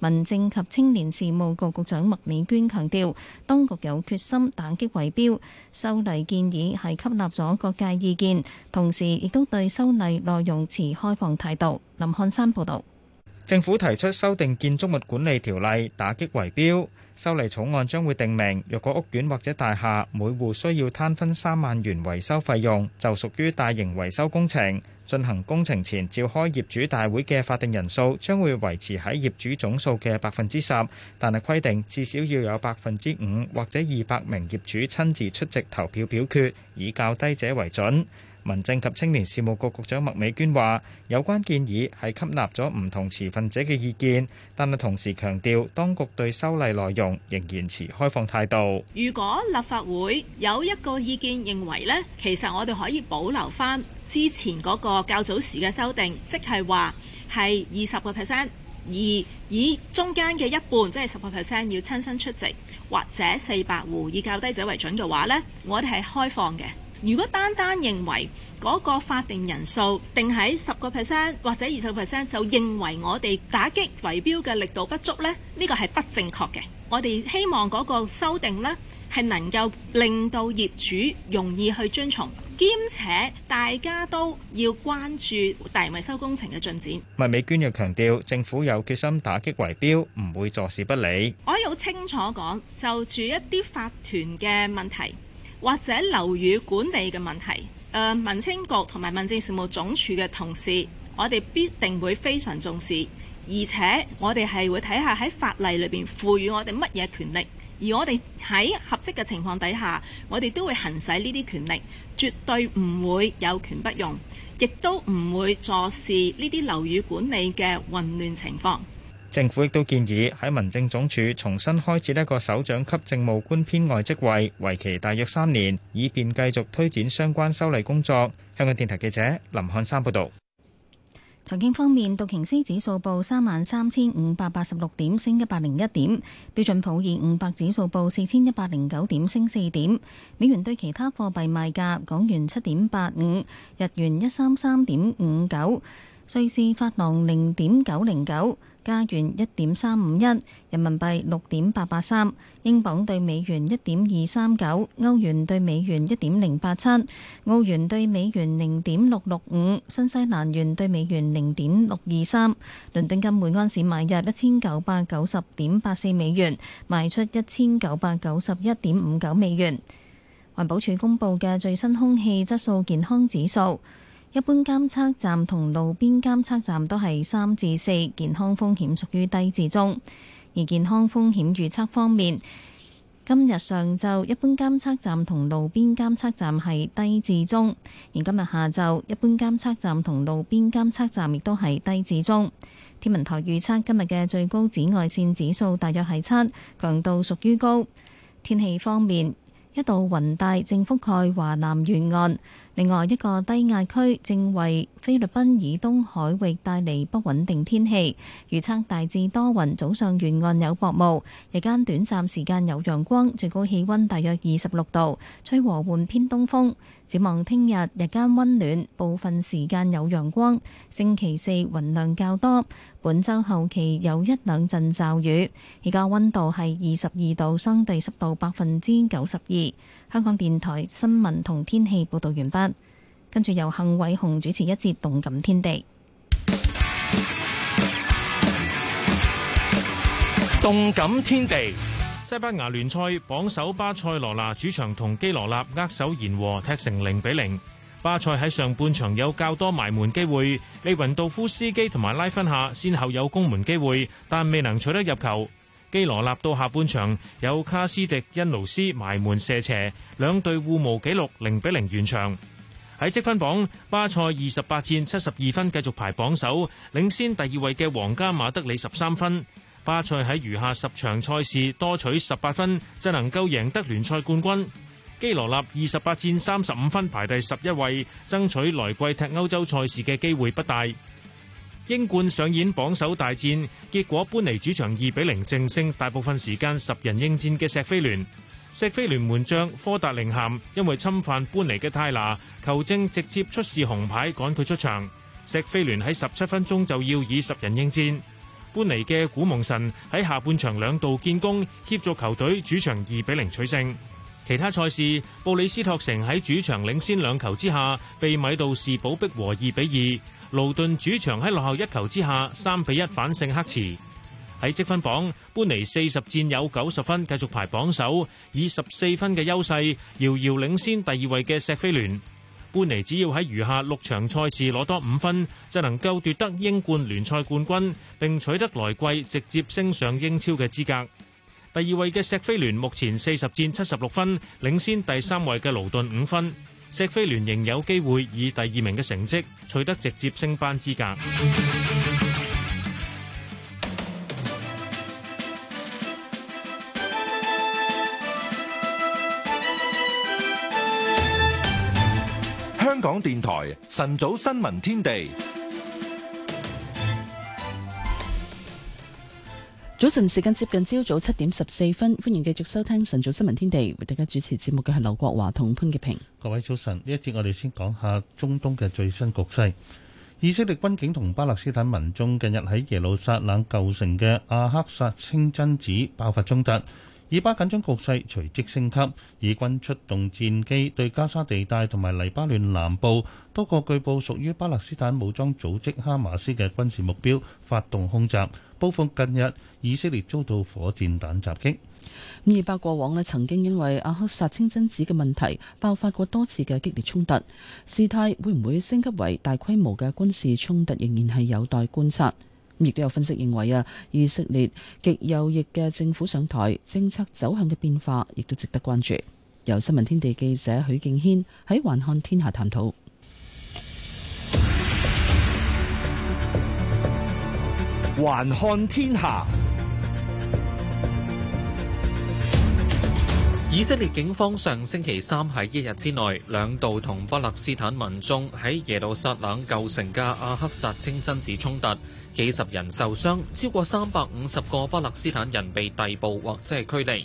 民政及青年事務局局長麥美娟強調，當局有決心打擊圍標，修例建議係吸納咗各界意見，同時亦都對修例內容持開放態度。林漢山報導。政府提出修訂建築物管理條例，打擊圍標。修例草案將會定明，若果屋苑或者大廈每戶需要攤分三萬元維修費用，就屬於大型維修工程。進行工程前召開業主大會嘅法定人數將會維持喺業主總數嘅百分之十，但係規定至少要有百分之五或者二百名業主親自出席投票表決，以較低者為準。民政及青年事務局局長麥美娟話：有關建議係吸納咗唔同持份者嘅意見，但係同時強調，當局對修例內容仍然持開放態度。如果立法會有一個意見認為呢，其實我哋可以保留翻之前嗰個較早時嘅修訂，即係話係二十個 percent，而以中間嘅一半，即係十個 percent 要親身出席，或者四百戶以較低者為準嘅話呢，我哋係開放嘅。如果單單認為嗰個法定人數定喺十個 percent 或者二十個 percent，就認為我哋打擊圍標嘅力度不足呢，呢個係不正確嘅。我哋希望嗰個修訂呢，係能夠令到業主容易去遵從，兼且大家都要關注大維修工程嘅進展。麥美娟又強調，政府有決心打擊圍標，唔會坐視不理。我有清楚講，就住一啲法團嘅問題，或者樓宇管理嘅問題，誒、呃，民政局同埋民政事務總署嘅同事，我哋必定會非常重視，而且我哋係會睇下喺法例裏邊賦予我哋乜嘢權力，而我哋喺合適嘅情況底下，我哋都會行使呢啲權力，絕對唔會有權不用，亦都唔會坐視呢啲樓宇管理嘅混亂情況。政府亦都建議喺民政總署重新開設一個首長級政務官編外職位，為期大約三年，以便繼續推展相關修例工作。香港電台記者林漢山報導。財經方面，道瓊斯指數報三萬三千五百八十六點，升一百零一點；標準普爾五百指數報四千一百零九點，升四點。美元對其他貨幣賣價，港元七點八五，日元一三三點五九，瑞士法郎零點九零九。加元一點三五一，人民幣六點八八三，英鎊兌美元一點二三九，歐元兌美元一點零八七，澳元兌美元零點六六五，新西蘭元兌美元零點六二三，倫敦金每安士買入一千九百九十點八四美元，賣出一千九百九十一點五九美元。環保署公布嘅最新空氣質素健康指數。一般監測站同路邊監測站都係三至四，健康風險屬於低至中。而健康風險預測方面，今日上晝一般監測站同路邊監測站係低至中，而今日下晝一般監測站同路邊監測站亦都係低至中。天文台預測今日嘅最高紫外線指數大約係七，強度屬於高。天氣方面，一道雲帶正覆蓋華南沿岸。另外一個低壓區正為菲律賓以東海域帶嚟不穩定天氣，預測大致多雲，早上沿岸有薄霧，日間短暫時間有陽光，最高氣溫大約二十六度，吹和緩偏東風。展望聽日日間溫暖，部分時間有陽光。星期四雲量較多，本周後期有一兩陣驟雨。而家溫度係二十二度，相對濕度百分之九十二。香港電台新聞同天氣報道完畢，跟住由幸偉雄主持一節《動感天地》。《動感天地》西班牙聯賽榜首巴塞羅那主場同基羅納握手言和，踢成零比零。巴塞喺上半場有較多埋門機會，利雲道夫斯基同埋拉芬夏先後有攻門機會，但未能取得入球。基羅納到下半場有卡斯迪恩勞斯埋門射斜，兩隊互無紀錄零比零完場。喺積分榜，巴塞二十八戰七十二分，繼續排榜首，領先第二位嘅皇家馬德里十三分。巴塞喺餘下十場賽事多取十八分，就能夠贏得聯賽冠軍。基羅納二十八戰三十五分排第十一位，爭取來季踢歐洲賽事嘅機會不大。英冠上演榜首大戰，結果般尼主場二比零淨勝大部分時間十人應戰嘅石飛聯。石飛聯門將科達零喊，因為侵犯般尼嘅泰拿，球證直接出示紅牌趕佢出場。石飛聯喺十七分鐘就要以十人應戰。搬嚟嘅古蒙臣喺下半場兩度建功，協助球隊主場二比零取勝。其他賽事，布里斯托城喺主場領先兩球之下，被米杜士堡逼和二比二。勞頓主場喺落後一球之下三比一反勝黑池。喺積分榜，搬嚟四十戰有九十分，繼續排榜首，以十四分嘅優勢遙遙領先第二位嘅石飛聯。般尼只要喺餘下六場賽事攞多五分，就能夠奪得英冠聯賽冠軍，並取得來季直接升上英超嘅資格。第二位嘅謝菲聯目前四十戰七十六分，領先第三位嘅盧頓五分。謝菲聯仍有機會以第二名嘅成績取得直接升班資格。香港電台晨早新聞天地，早晨時間接近朝早七點十四分，歡迎繼續收聽晨早新聞天地。為大家主持節目嘅係劉國華同潘潔平。各位早晨，呢一節我哋先講下中東嘅最新局勢。以色列軍警同巴勒斯坦民眾近日喺耶路撒冷舊城嘅阿克薩清真寺爆發衝突。以巴緊張局勢隨即升級，以軍出動戰機對加沙地帶同埋黎巴嫩南部多個據報屬於巴勒斯坦武裝組織哈馬斯嘅軍事目標發動空襲，報復近日以色列遭到火箭彈襲擊。以巴過往呢曾經因為阿克薩清真寺嘅問題爆發過多次嘅激烈衝突，事態會唔會升級為大規模嘅軍事衝突仍然係有待觀察。亦都有分析認為啊，以色列極右翼嘅政府上台，政策走向嘅變化亦都值得關注。由新聞天地記者許敬軒喺《環看天下》探討《環看天下》。以色列警方上星期三喺一日之內兩度同巴勒斯坦民眾喺耶路撒冷舊城嘅阿克薩清真寺衝突。幾十人受傷，超過三百五十個巴勒斯坦人被逮捕或者係驅離。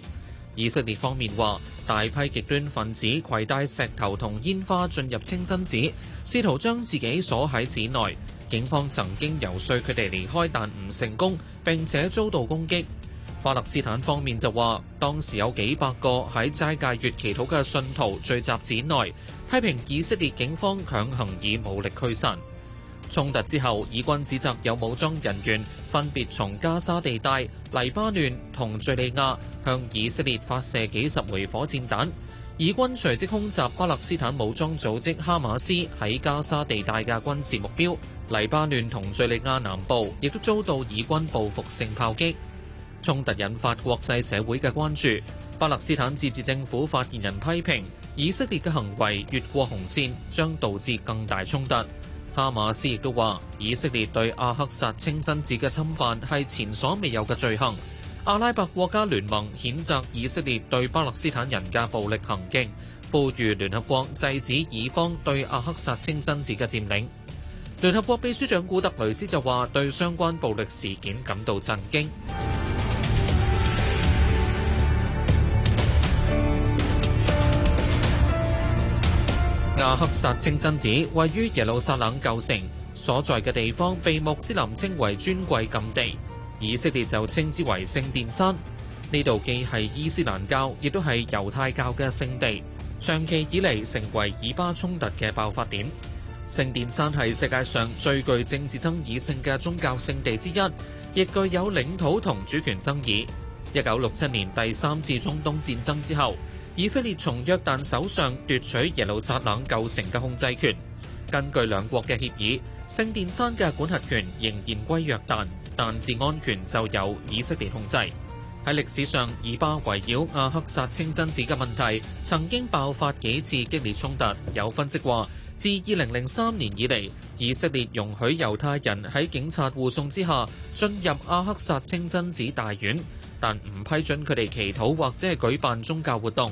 以色列方面話，大批極端分子攜帶石頭同煙花進入清真寺，試圖將自己鎖喺寺內。警方曾經游説佢哋離開，但唔成功並且遭到攻擊。巴勒斯坦方面就話，當時有幾百個喺齋戒月祈禱嘅信徒聚集寺內，批評以色列警方強行以武力驅散。衝突之後，以軍指責有武裝人員分別從加沙地帶、黎巴嫩同敘利亞向以色列發射幾十枚火箭彈。以軍隨即空襲巴勒斯坦武裝組織哈馬斯喺加沙地帶嘅軍事目標。黎巴嫩同敘利亞南部亦都遭到以軍報復性炮擊。衝突引發國際社會嘅關注。巴勒斯坦自治政府發言人批評以色列嘅行為越過紅線，將導致更大衝突。哈馬斯亦都話，以色列對阿克薩清真寺嘅侵犯係前所未有嘅罪行。阿拉伯國家聯盟譴責以色列對巴勒斯坦人嘅暴力行徑，呼籲聯合國制止以方對阿克薩清真寺嘅佔領。聯合國秘書長古特雷斯就話，對相關暴力事件感到震驚。阿克薩清真寺位於耶路撒冷舊城，所在嘅地方被穆斯林稱為尊貴禁地，以色列就稱之為聖殿山。呢度既係伊斯蘭教，亦都係猶太教嘅聖地，長期以嚟成為以巴衝突嘅爆發點。聖殿山係世界上最具政治爭議性嘅宗教聖地之一，亦具有領土同主權爭議。一九六七年第三次中東戰爭之後，以色列從約旦手上奪取耶路撒冷舊城嘅控制權。根據兩國嘅協議，聖殿山嘅管轄權仍然歸約旦，但治安權就由以色列控制。喺歷史上，以巴圍繞阿克薩清真寺嘅問題曾經爆發幾次激烈衝突。有分析話，自二零零三年以嚟，以色列容許猶太人喺警察護送之下進入阿克薩清真寺大院，但唔批准佢哋祈禱或者係舉辦宗教活動。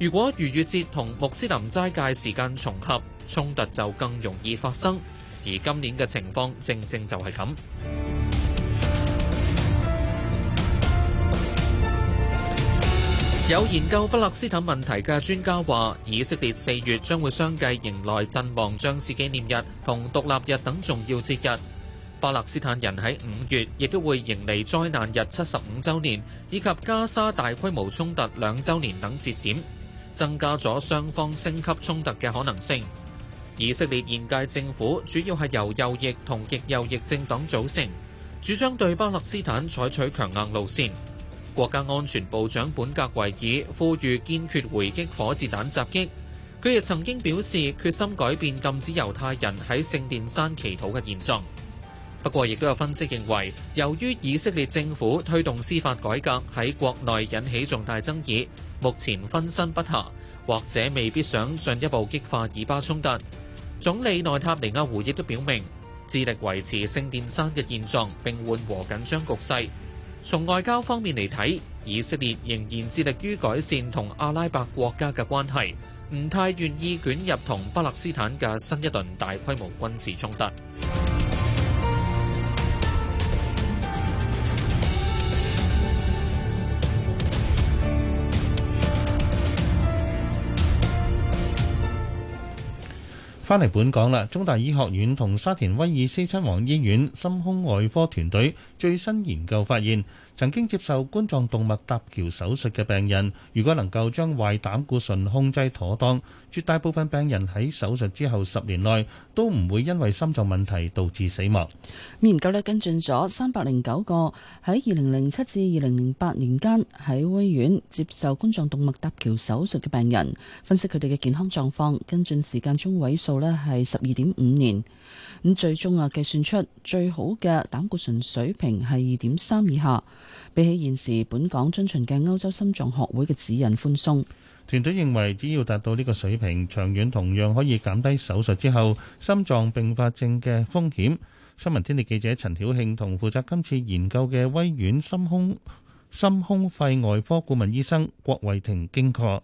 如果逾越節同穆斯林齋戒時間重合，衝突就更容易發生。而今年嘅情況正正就係咁。 有研究巴勒斯坦問題嘅專家話，以色列四月將會相繼迎來陣亡將士紀念日同獨立日等重要節日，巴勒斯坦人喺五月亦都會迎嚟災難日七十五週年以及加沙大規模衝突兩週年等節點。增加咗雙方升級衝突嘅可能性。以色列現屆政府主要係由右翼同極右翼政黨組成，主張對巴勒斯坦採取強硬路線。國家安全部長本格維爾呼籲堅決回擊火箭彈襲擊，佢亦曾經表示決心改變禁止猶太人喺聖殿山祈禱嘅現狀。不過，亦都有分析認為，由於以色列政府推動司法改革喺國內引起重大爭議，目前分身不下，或者未必想進一步激化以巴衝突。總理內塔尼亞胡亦都表明，致力維持聖殿山嘅現狀並緩和緊張局勢。從外交方面嚟睇，以色列仍然致力於改善同阿拉伯國家嘅關係，唔太願意捲入同巴勒斯坦嘅新一輪大規模軍事衝突。翻嚟本港啦！中大醫學院同沙田威爾斯親王醫院心胸外科團隊最新研究發現，曾經接受冠狀動脈搭橋手術嘅病人，如果能夠將壞膽固醇控制妥當。絕大部分病人喺手術之後十年內都唔會因為心臟問題導致死亡。研究咧，跟進咗三百零九個喺二零零七至二零零八年間喺威院接受冠狀動脈搭橋手術嘅病人，分析佢哋嘅健康狀況，跟進時間中位數咧係十二點五年。咁最終啊計算出最好嘅膽固醇水平係二點三以下，比起現時本港遵循嘅歐洲心臟學會嘅指引寬鬆。團隊認為，只要達到呢個水平，長遠同樣可以減低手術之後心臟併發症嘅風險。新聞天地記者陳曉慶同負責今次研究嘅威院心胸心胸肺外科顧問醫生郭慧婷傾過，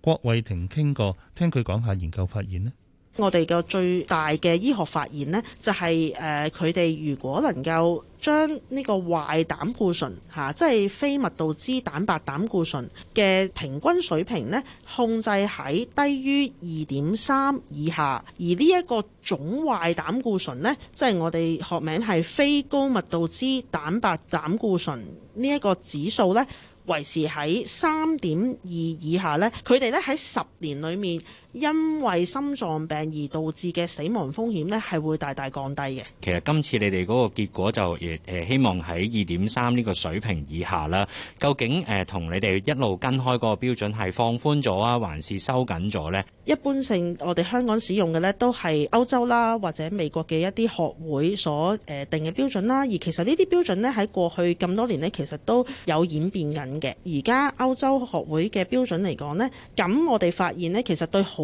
郭慧婷傾過，聽佢講下研究發現咧。我哋嘅最大嘅醫學發現呢，就係誒佢哋如果能夠將呢個壞膽固醇嚇、啊，即係非密度脂蛋白膽固醇嘅平均水平呢，控制喺低於二點三以下；而呢一個總壞膽固醇呢，即係我哋學名係非高密度脂蛋白膽固醇呢一個指數呢，維持喺三點二以下呢，佢哋呢，喺十年裡面。因為心臟病而導致嘅死亡風險呢，係會大大降低嘅。其實今次你哋嗰個結果就誒希望喺二點三呢個水平以下啦。究竟誒同你哋一路跟開嗰個標準係放寬咗啊，還是收緊咗呢？一般性，我哋香港使用嘅呢，都係歐洲啦或者美國嘅一啲學會所誒定嘅標準啦。而其實呢啲標準呢，喺過去咁多年呢，其實都有演變緊嘅。而家歐洲學會嘅標準嚟講呢，咁我哋發現呢，其實對好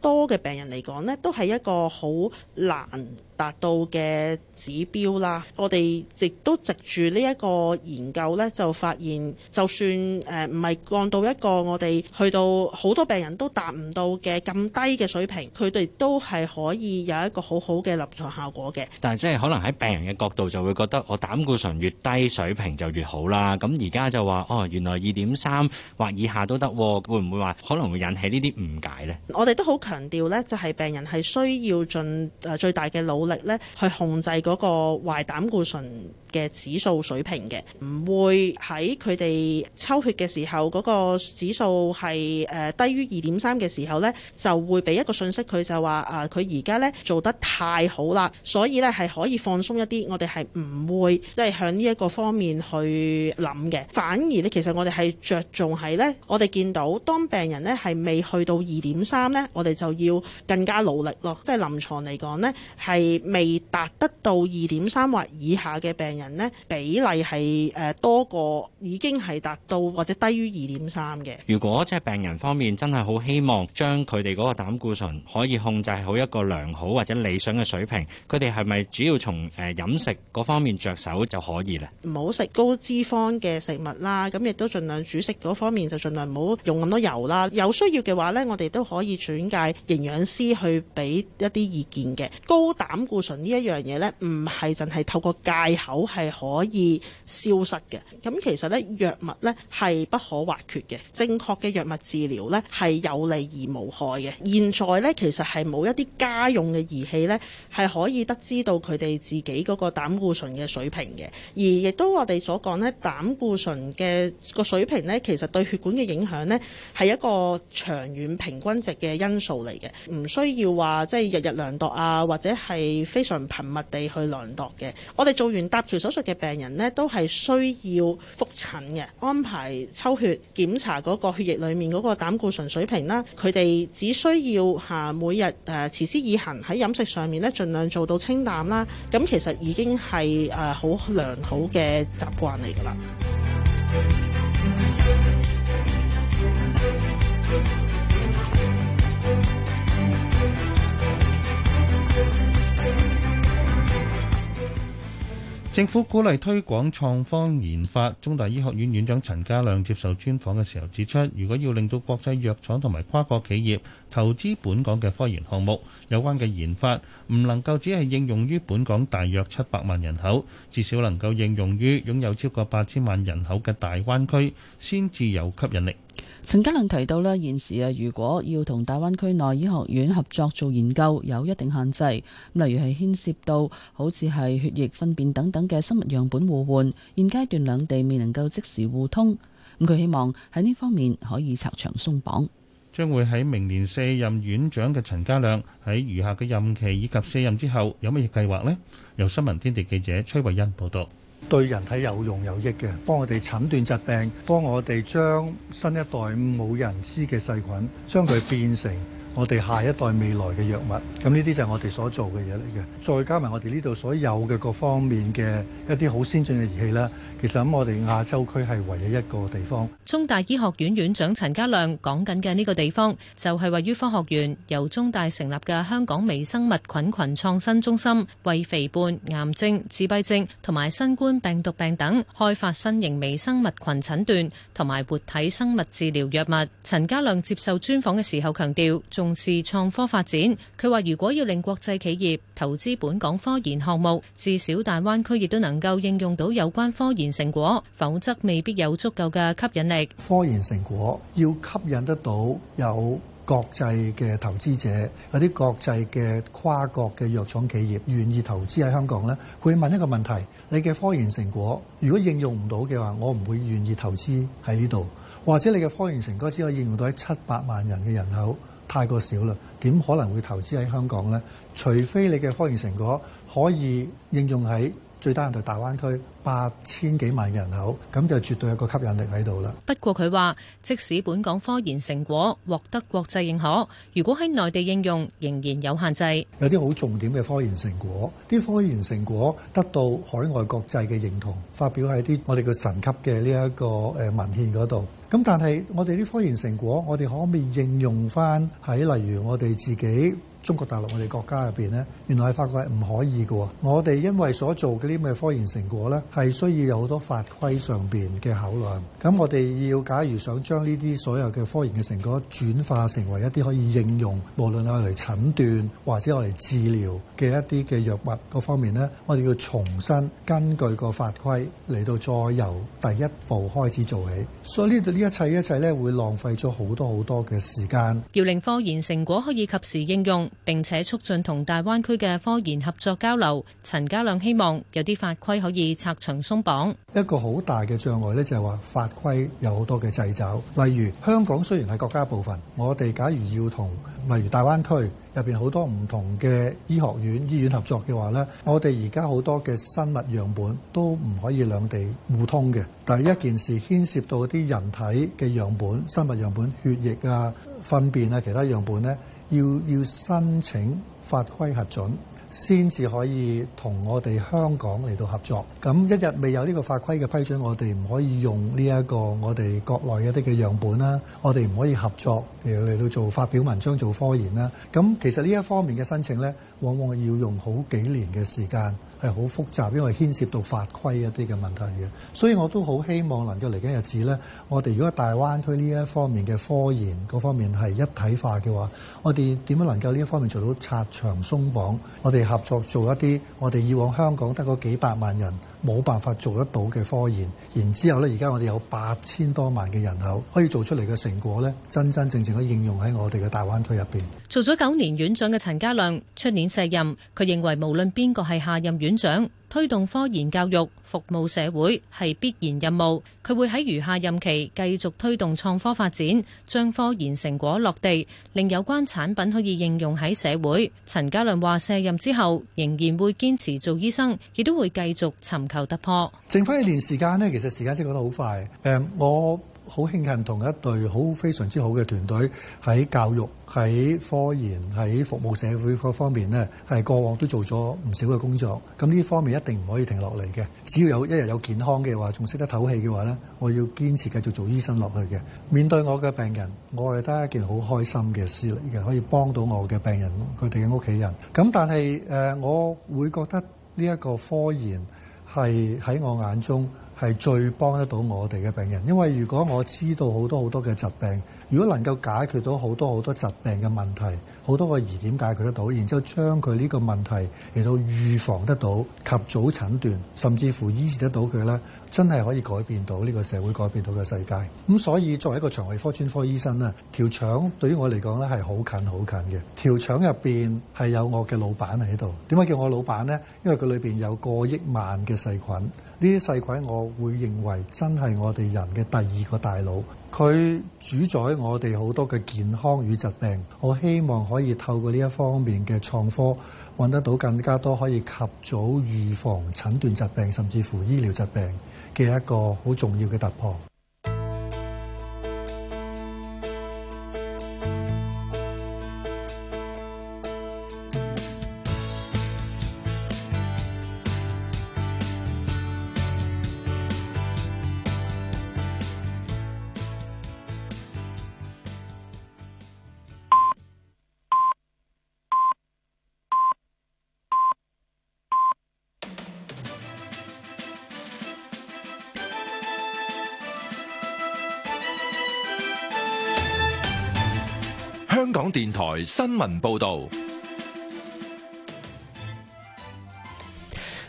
多嘅病人嚟講咧，都係一個好難達到嘅指標啦。我哋亦都藉住呢一個研究咧，就發現就算誒唔係降到一個我哋去到好多病人都達唔到嘅咁低嘅水平，佢哋都係可以有一個好好嘅臨牀效果嘅。但係即係可能喺病人嘅角度就會覺得我膽固醇越低水平就越好啦。咁而家就話哦，原來二點三或以下都得，會唔會話可能會引起呢啲誤解咧？我哋都好。強調咧，就係病人係需要盡誒最大嘅努力咧，去控制嗰個壞膽固醇嘅指數水平嘅，唔會喺佢哋抽血嘅時候嗰個指數係誒低於二點三嘅時候咧，就會俾一個信息佢就話啊，佢而家咧做得太好啦，所以咧係可以放鬆一啲，我哋係唔會即係向呢一個方面去諗嘅。反而咧，其實我哋係着重係咧，我哋見到當病人咧係未去到二點三咧，我哋就要更加努力咯。即係臨床嚟講咧，係未達得到二點三或以下嘅病。人咧比例係誒多過已經係達到或者低於二點三嘅。如果即係病人方面真係好希望將佢哋嗰個膽固醇可以控制好一個良好或者理想嘅水平，佢哋係咪主要從誒飲食嗰方面着手就可以咧？唔好食高脂肪嘅食物啦，咁亦都儘量煮食嗰方面就儘量唔好用咁多油啦。有需要嘅話呢，我哋都可以轉介營養師去俾一啲意見嘅。高膽固醇呢一樣嘢呢，唔係淨係透過戒口。係可以消失嘅，咁其實咧藥物咧係不可或缺嘅，正確嘅藥物治療咧係有利而無害嘅。現在咧其實係冇一啲家用嘅儀器咧係可以得知道佢哋自己嗰個膽固醇嘅水平嘅，而亦都我哋所講咧膽固醇嘅個水平咧其實對血管嘅影響咧係一個長遠平均值嘅因素嚟嘅，唔需要話即係日日量度啊，或者係非常頻密地去量度嘅。我哋做完搭手術嘅病人呢，都係需要復診嘅，安排抽血檢查嗰個血液裏面嗰個膽固醇水平啦。佢哋只需要吓每日誒持、呃、之以恒喺飲食上面呢，盡量做到清淡啦。咁、啊、其實已經係誒好良好嘅習慣嚟㗎啦。政府鼓勵推廣創方研發，中大醫學院院長陳家亮接受專訪嘅時候指出，如果要令到國際藥廠同埋跨國企業投資本港嘅科研項目，有關嘅研發唔能夠只係應用於本港大約七百萬人口，至少能夠應用於擁有超過八千萬人口嘅大灣區，先至有吸引力。陳家亮提到咧，現時啊，如果要同大灣區內醫學院合作做研究，有一定限制。例如係牽涉到好似係血液、糞便等等嘅生物樣本互換，現階段兩地未能夠即時互通。咁佢希望喺呢方面可以拆牆鬆綁。將會喺明年卸任院長嘅陳家亮喺餘下嘅任期以及卸任之後有乜嘢計劃呢？由新聞天地記者崔慧欣報道。對人體有用有益嘅，幫我哋診斷疾病，幫我哋將新一代冇人知嘅細菌，將佢變成我哋下一代未來嘅藥物，咁呢啲就係我哋所做嘅嘢嚟嘅。再加埋我哋呢度所有嘅各方面嘅一啲好先進嘅儀器啦，其實咁我哋亞洲區係唯一一個地方。中大醫學院院長陳家亮講緊嘅呢個地方，就係位於科學園，由中大成立嘅香港微生物菌群創新中心，為肥胖、癌症、自閉症同埋新冠病毒病等開發新型微生物菌診斷同埋活體生物治療藥物。陳家亮接受專訪嘅時候強調，同時創科發展，佢話如果要令國際企業投資本港科研項目，至少大灣區亦都能夠應用到有關科研成果，否則未必有足夠嘅吸引力。科研成果要吸引得到有國際嘅投資者，有啲國際嘅跨國嘅藥廠企業願意投資喺香港呢，會問一個問題：你嘅科研成果如果應用唔到嘅話，我唔會願意投資喺呢度，或者你嘅科研成果只可以應用到喺七百萬人嘅人口。太過少啦，點可能會投資喺香港咧？除非你嘅科研成果可以應用喺。最吸引就係大灣區八千幾萬人口，咁就絕對有個吸引力喺度啦。不過佢話，即使本港科研成果獲得國際認可，如果喺內地應用，仍然有限制。有啲好重點嘅科研成果，啲科研成果得到海外國際嘅認同，發表喺啲我哋嘅神級嘅呢一個誒文獻嗰度。咁但係我哋啲科研成果，我哋可唔可以應用翻喺例如我哋自己？中國大陸我哋國家入邊呢，原來發覺係唔可以嘅。我哋因為所做嗰啲咩科研成果呢，係需要有好多法規上邊嘅考量。咁我哋要假如想將呢啲所有嘅科研嘅成果轉化成為一啲可以應用，無論係嚟診斷或者我嚟治療嘅一啲嘅藥物各方面呢，我哋要重新根據個法規嚟到再由第一步開始做起。所以呢度呢一切一切呢，會浪費咗好多好多嘅時間。要令科研成果可以及時應用，並且促進同大灣區嘅科研合作交流。陳家亮希望有啲法規可以拆牆鬆綁。一個好大嘅障礙咧，就係話法規有好多嘅掣肘。例如香港雖然係國家部分，我哋假如要同例如大灣區入邊好多唔同嘅醫學院、醫院合作嘅話咧，我哋而家好多嘅生物樣本都唔可以兩地互通嘅。但一件事牽涉到啲人體嘅樣本、生物樣本、血液啊、糞便啊、其他樣本咧，要要申請法規核准，先至可以同我哋香港嚟到合作。咁一日未有呢個法規嘅批准，我哋唔可以用呢一個我哋國內一啲嘅樣本啦。我哋唔可以合作，嚟到做發表文章、做科研啦。咁其實呢一方面嘅申請呢。往往要用好幾年嘅時間，係好複雜，因為牽涉到法規一啲嘅問題嘅，所以我都好希望能夠嚟緊日子咧，我哋如果大灣區呢一方面嘅科研嗰方面係一體化嘅話，我哋點樣能夠呢一方面做到拆牆鬆綁，我哋合作做一啲我哋以往香港得嗰幾百萬人。冇辦法做得到嘅科研，然之後呢，而家我哋有八千多萬嘅人口，可以做出嚟嘅成果呢，真真正正可以應用喺我哋嘅大灣區入邊。做咗九年院長嘅陳家亮出年卸任，佢認為無論邊個係下任院長。推動科研教育服務社會係必然任務，佢會喺餘下任期繼續推動創科發展，將科研成果落地，令有關產品可以應用喺社會。陳家亮話卸任之後仍然會堅持做醫生，亦都會繼續尋求突破。剩翻一年時間呢，其實時間即係過得好快。誒、uh，我。好慶幸同一隊好非常之好嘅團隊喺教育、喺科研、喺服務社會嗰方面咧，係過往都做咗唔少嘅工作。咁呢方面一定唔可以停落嚟嘅。只要有一日有健康嘅話，仲識得唞氣嘅話咧，我要堅持繼續做醫生落去嘅。面對我嘅病人，我係得一件好開心嘅事嚟嘅，可以幫到我嘅病人佢哋嘅屋企人。咁但係誒，我會覺得呢一個科研係喺我眼中。係最幫得到我哋嘅病人，因為如果我知道好多好多嘅疾病，如果能夠解決到好多好多疾病嘅問題。好多個疑點解決得到，然之後將佢呢個問題嚟到預防得到，及早診斷，甚至乎醫治得到佢呢，真係可以改變到呢個社會，改變到嘅世界。咁、嗯、所以作為一個腸胃科專科醫生呢，條腸對於我嚟講呢係好近好近嘅。條腸入邊係有我嘅老闆喺度。點解叫我老闆呢？因為佢裏邊有過億萬嘅細菌。呢啲細菌我會認為真係我哋人嘅第二個大腦。佢主宰我哋好多嘅健康與疾病。我希望可可以透過呢一方面嘅創科，揾得到更加多可以及早預防、診斷疾病，甚至乎醫療疾病嘅一個好重要嘅突破。電台新聞報道。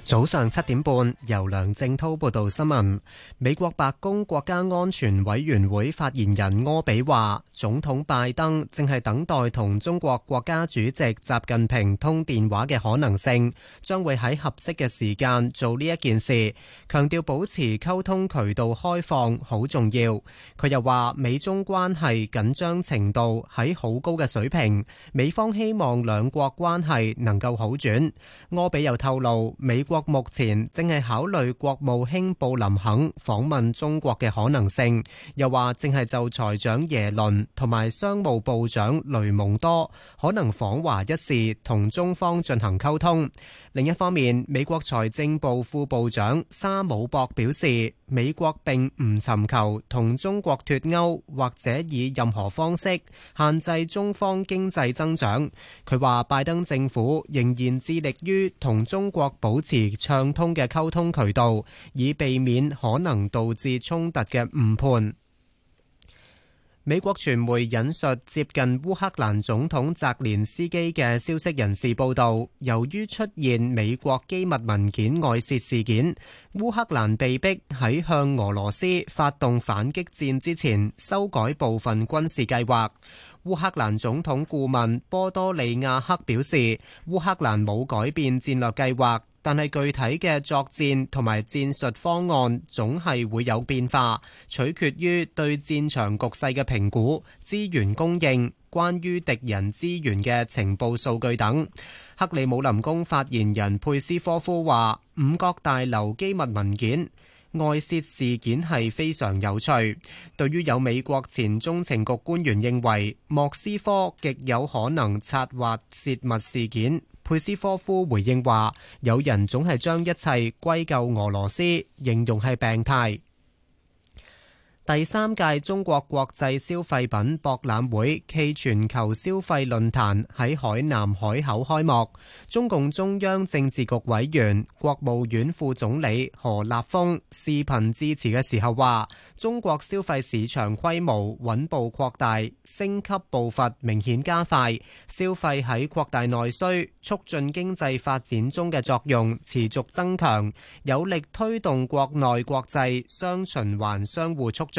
早上七點半，由梁正濤報道新聞。美國白宮國家安全委員會發言人柯比話，總統拜登正係等待同中國國家主席習近平通電話嘅可能性，將會喺合適嘅時間做呢一件事。強調保持溝通渠道開放好重要。佢又話，美中關係緊張程度喺好高嘅水平，美方希望兩國關係能夠好轉。柯比又透露，美國。目前正係考慮國務卿布林肯訪問中國嘅可能性，又話正係就財長耶倫同埋商務部長雷蒙多可能訪華一事同中方進行溝通。另一方面，美國財政部副部長沙姆博表示，美國並唔尋求同中國脫鈎或者以任何方式限制中方經濟增長。佢話拜登政府仍然致力於同中國保持。暢通嘅溝通渠道，以避免可能導致衝突嘅誤判。美國傳媒引述接近烏克蘭總統澤連斯基嘅消息人士報道，由於出現美國機密文件外泄事件，烏克蘭被迫喺向俄羅斯發動反擊戰之前修改部分軍事計劃。烏克蘭總統顧問波多利亞克表示，烏克蘭冇改變戰略計劃。但係具體嘅作戰同埋戰術方案總係會有變化，取決於對戰場局勢嘅評估、資源供應、關於敵人資源嘅情報數據等。克里姆林宮發言人佩斯科夫話：五角大樓機密文件外泄事件係非常有趣。對於有美國前中情局官員認為莫斯科極有可能策劃泄密事件。佩斯科夫回應話，有人總係將一切歸咎俄羅斯，形容係病態。第三屆中國國際消費品博覽會暨全球消費論壇喺海南海口開幕。中共中央政治局委員、國務院副總理何立峰視頻致辭嘅時候話：中國消費市場規模穩步擴大，升級步伐明顯加快，消費喺擴大內需、促進經濟發展中嘅作用持續增強，有力推動國內國際雙循環相互促，促進。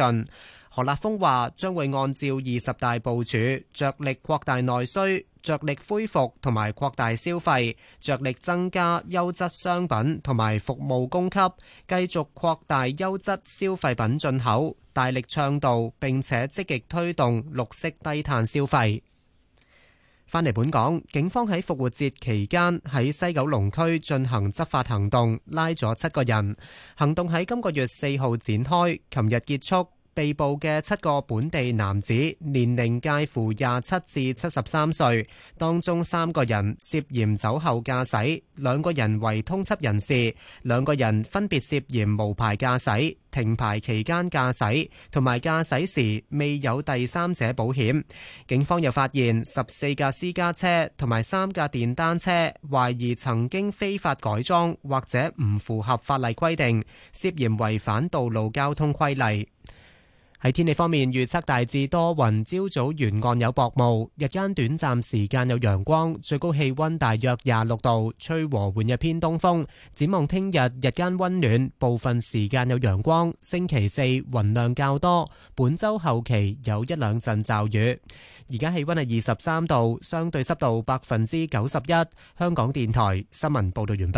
何立峰話，將會按照二十大部署，着力擴大內需，着力恢復同埋擴大消費，着力增加優質商品同埋服務供給，繼續擴大優質消費品進口，大力倡導並且積極推動綠色低碳消費。返嚟本港，警方喺復活節期間喺西九龍區進行執法行動，拉咗七個人。行動喺今個月四號展開，琴日結束。被捕嘅七個本地男子年齡介乎廿七至七十三歲，當中三個人涉嫌酒後駕駛，兩個人為通緝人士，兩個人分別涉嫌無牌駕駛、停牌期間駕駛，同埋駕駛時未有第三者保險。警方又發現十四架私家車同埋三架電單車，懷疑曾經非法改裝或者唔符合法例規定，涉嫌違反道路交通規例。喺天氣方面預測大致多雲，朝早沿岸有薄霧，日間短暫時間有陽光，最高氣溫大約廿六度，吹和緩嘅偏東風。展望聽日日間溫暖，部分時間有陽光。星期四雲量較多，本周後期有一兩陣驟雨。而家氣溫係二十三度，相對濕度百分之九十一。香港電台新聞報道完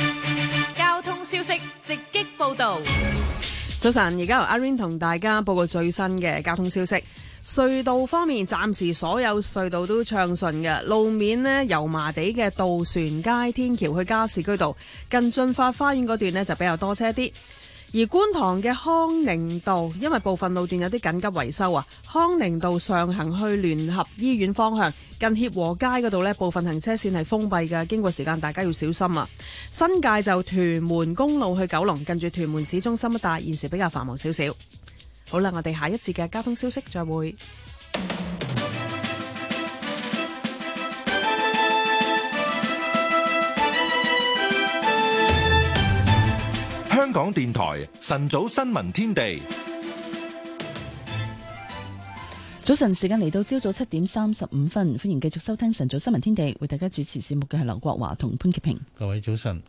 畢。交通消息直擊報道。早晨，而家由阿 rain 同大家報告最新嘅交通消息。隧道方面，暫時所有隧道都暢順嘅。路面呢，油麻地嘅渡船街天橋去加士居道，近駿發花園嗰段呢，就比較多車啲。而觀塘嘅康寧道，因為部分路段有啲緊急維修啊，康寧道上行去聯合醫院方向，近協和街嗰度呢，部分行車線係封閉嘅，經過時間大家要小心啊！新界就屯門公路去九龍，近住屯門市中心一帶，現時比較繁忙少少。好啦，我哋下一節嘅交通消息，再會。香港電台晨早新聞天地，早晨時間嚟到朝早七點三十五分，歡迎繼續收聽晨早新聞天地，為大家主持節目嘅係劉國華同潘潔平。各位早晨，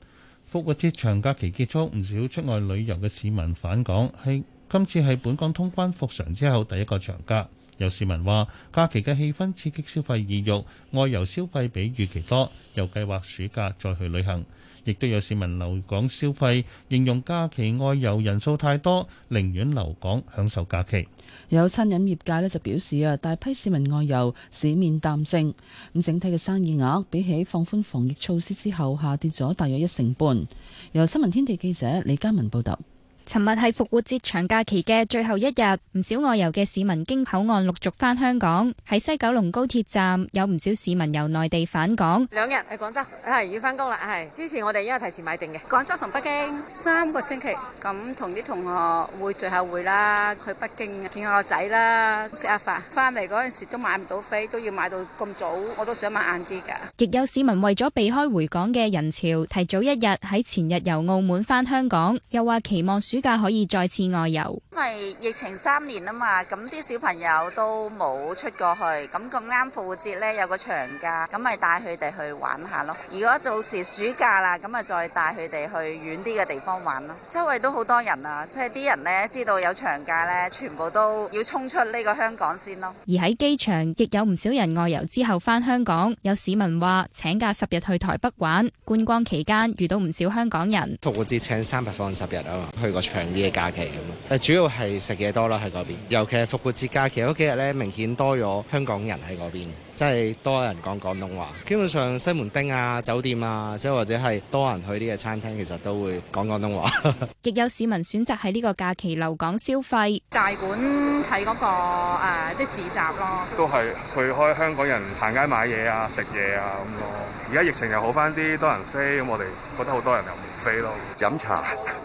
復活節長假期結束，唔少出外旅遊嘅市民返港，係今次係本港通關復常之後第一個長假。有市民話，假期嘅氣氛刺激消費意欲，外遊消費比預期多，又計劃暑假再去旅行。亦都有市民留港消費，形容假期外遊人數太多，寧願留港享受假期。有餐飲業界咧，就表示啊，大批市民外遊市面淡靜，咁整體嘅生意額比起放寬防疫措施之後下跌咗大約一成半。由新聞天地記者李嘉文報道。尋日係復活節長假期嘅最後一日，唔少外遊嘅市民經口岸陸續返香港。喺西九龍高鐵站有唔少市民由內地返港。兩日喺廣州係要翻工啦，係之前我哋因為提前買定嘅。廣州同北京三個星期咁，同啲同學會最後會啦，去北京見我仔啦，食下飯。翻嚟嗰陣時都買唔到飛，都要買到咁早，我都想買晏啲噶。亦有市民為咗避開回港嘅人潮，提早一日喺前日由澳門返香港，又話期望。暑假可以再次外遊，因為疫情三年啊嘛，咁啲小朋友都冇出過去，咁咁啱復活節咧有個長假，咁咪帶佢哋去玩下咯。如果到時暑假啦，咁咪再帶佢哋去遠啲嘅地方玩咯。周圍都好多人啊，即係啲人咧知道有長假咧，全部都要衝出呢個香港先咯。而喺機場亦有唔少人外遊之後翻香港，有市民話請假十日去台北玩，觀光期間遇到唔少香港人。復活節請三百放十日啊嘛，去長啲嘅假期咁啊，主要係食嘢多啦喺嗰邊，尤其係復活節假期嗰幾日咧，明顯多咗香港人喺嗰邊。真係多人講廣東話，基本上西門町啊、酒店啊，即係或者係多人去呢個餐廳，其實都會講廣東話。亦 有市民選擇喺呢個假期留港消費，大館睇嗰、那個誒啲、呃、市集咯，都係去開香港人行街買嘢啊、食嘢啊咁咯。而家疫情又好翻啲，多人飛咁，我哋覺得好多人又唔飛咯。飲茶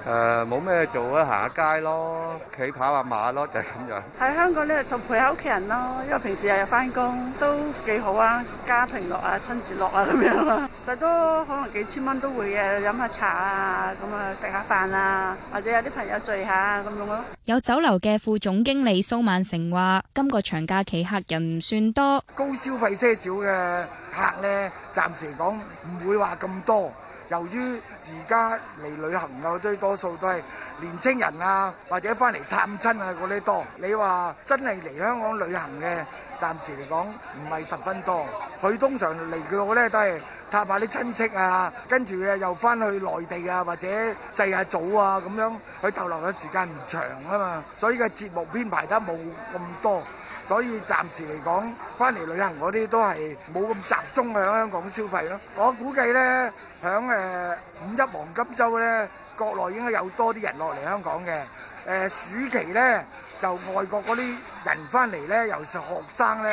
誒，冇、呃、咩做咧，行下街咯，企跑下馬咯，就係、是、咁樣。喺香港咧，同陪下屋企人咯，因為平時日日翻工都。幾好啊！家庭樂啊，親子樂啊，咁樣咯，其實都可能幾千蚊都會嘅，飲下茶啊，咁啊食下飯啊，或者有啲朋友聚下咁樣咯。有酒樓嘅副總經理蘇萬成話，今個長假期客人唔算多，高消費些少嘅客咧，暫時嚟講唔會話咁多。由於而家嚟旅行嘅都多數都係年青人啊，或者翻嚟探親啊嗰啲多。你話真係嚟香港旅行嘅？暫時嚟講唔係十分多，佢通常嚟嘅咧都係探下啲親戚啊，跟住佢又翻去內地啊，或者祭下祖啊咁樣，佢逗留嘅時間唔長啊嘛，所以個節目編排得冇咁多，所以暫時嚟講翻嚟旅行嗰啲都係冇咁集中喺香港消費咯、啊。我估計呢，響誒、呃、五一黃金週呢，國內應該有多啲人落嚟香港嘅、呃，暑期呢。就外國嗰啲人翻嚟咧，尤其是學生咧，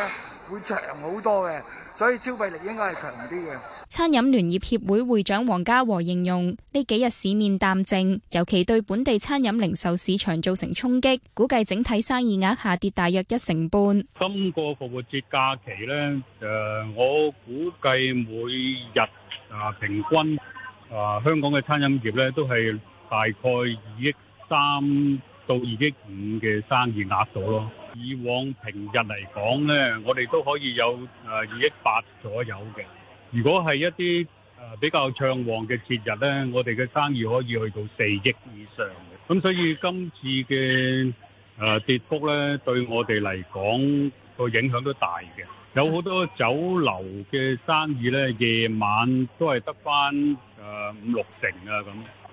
會長好多嘅，所以消費力應該係強啲嘅。餐飲聯業協會會長黃家和形容，呢幾日市面淡靜，尤其對本地餐飲零售市場造成衝擊，估計整體生意額下跌大約一成半。今個復活節假期咧，誒，我估計每日啊平均啊香港嘅餐飲業咧都係大概二億三，到二億五嘅生意額度咯。以往平日嚟講呢，我哋都可以有誒二億八左右嘅。如果係一啲誒比較暢旺嘅節日呢，我哋嘅生意可以去到四億以上嘅。咁所以今次嘅誒跌幅呢，對我哋嚟講個影響都大嘅。有好多酒樓嘅生意呢，夜晚都係得翻誒五六成啊咁。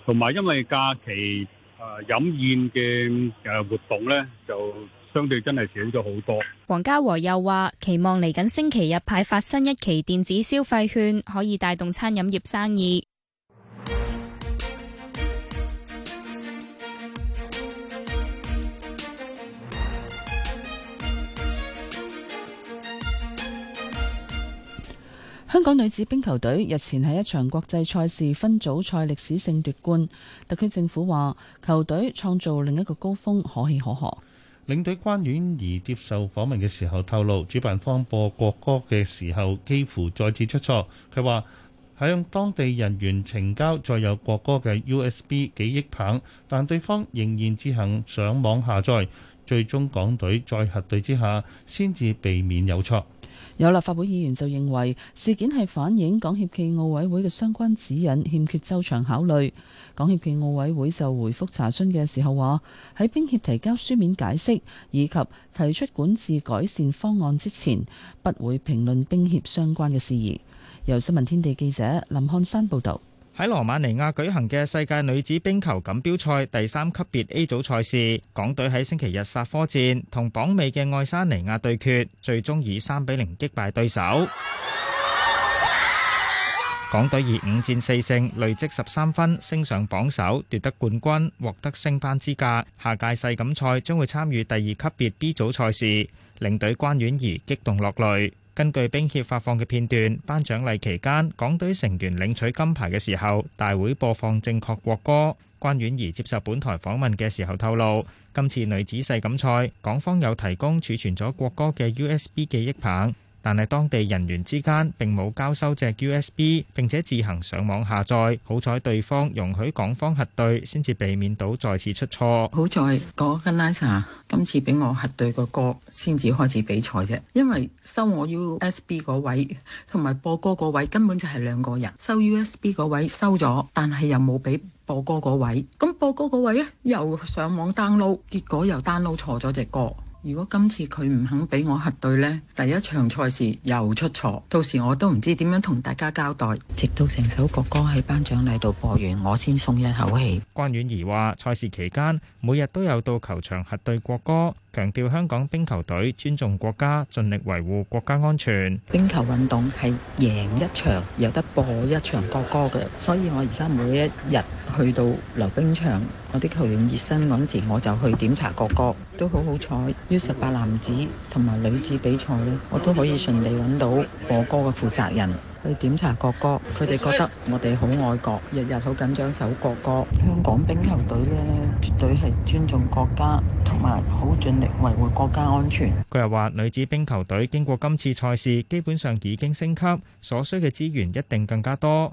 同埋因為假期。啊！飲宴嘅誒活動咧，就相對真係少咗好多。黃家和又話，期望嚟緊星期日派發新一期電子消費券，可以帶動餐飲業生意。香港女子冰球隊日前喺一場國際賽事分組賽歷史性奪冠，特區政府話球隊創造另一個高峰，可喜可賀。領隊關婉怡接受訪問嘅時候透露，主辦方播國歌嘅時候幾乎再次出錯。佢話響當地人員呈交載有國歌嘅 USB 記憶棒，但對方仍然自行上網下載，最終港隊再核對之下先至避免有錯。有立法會議員就認為事件係反映港協暨奧委會嘅相關指引欠缺周詳考慮。港協暨奧委會就回覆查詢嘅時候話：喺冰協提交書面解釋以及提出管治改善方案之前，不會評論冰協相關嘅事宜。由新聞天地記者林漢山報導。喺羅馬尼亞舉行嘅世界女子冰球錦標賽第三級別 A 組賽事，港隊喺星期日煞科戰同榜尾嘅愛沙尼亞對決，最終以三比零擊敗對手。 港隊以五戰四勝，累積十三分，升上榜首，奪得冠軍，獲得升班資格。下屆世錦賽將會參與第二級別 B 組賽事。領隊關婉儀激動落淚。根據冰協發放嘅片段，頒獎禮期間，港隊成員領取金牌嘅時候，大會播放正確國歌。關婉儀接受本台訪問嘅時候透露，今次女子世錦賽，港方有提供儲存咗國歌嘅 USB 記憶棒。但係當地人員之間並冇交收隻 USB，並且自行上網下載。好彩對方容許港方核對，先至避免到再次出錯。好在嗰個 NASA 今次俾我核對個歌，先至開始比賽啫。 因為收我 USB 嗰位同埋播歌嗰位根本就係兩個人，收 USB 嗰位收咗，但係又冇俾播歌嗰位。咁播歌嗰位咧又上網 download，結果又 download 錯咗隻歌。如果今次佢唔肯俾我核對呢，第一場賽事又出錯，到時我都唔知點樣同大家交代。直到成首國歌喺頒獎禮度播完，我先鬆一口氣。關婉儀話，賽事期間每日都有到球場核對國歌。強調香港冰球隊尊重國家，盡力維護國家安全。冰球運動係贏一場有得播一場國歌嘅，所以我而家每一日去到溜冰場，我啲球員熱身嗰陣時，我就去檢查國歌,歌，都好好彩。U18 男子同埋女子比賽呢，我都可以順利揾到播歌嘅負責人。去檢查國歌，佢哋覺得我哋好愛國，日日好緊張守國歌。香港冰球隊呢，絕對係尊重國家，同埋好盡力維護國家安全。佢又話：女子冰球隊經過今次賽事，基本上已經升級，所需嘅資源一定更加多。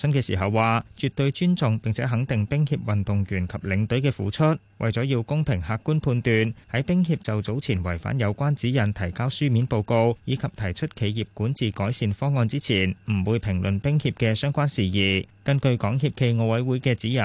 新嘅時候話，絕對尊重並且肯定冰協運動員及領隊嘅付出。為咗要公平客觀判斷，喺冰協就早前違反有關指引提交書面報告以及提出企業管治改善方案之前，唔會評論冰協嘅相關事宜。根據港協暨奧委會嘅指引，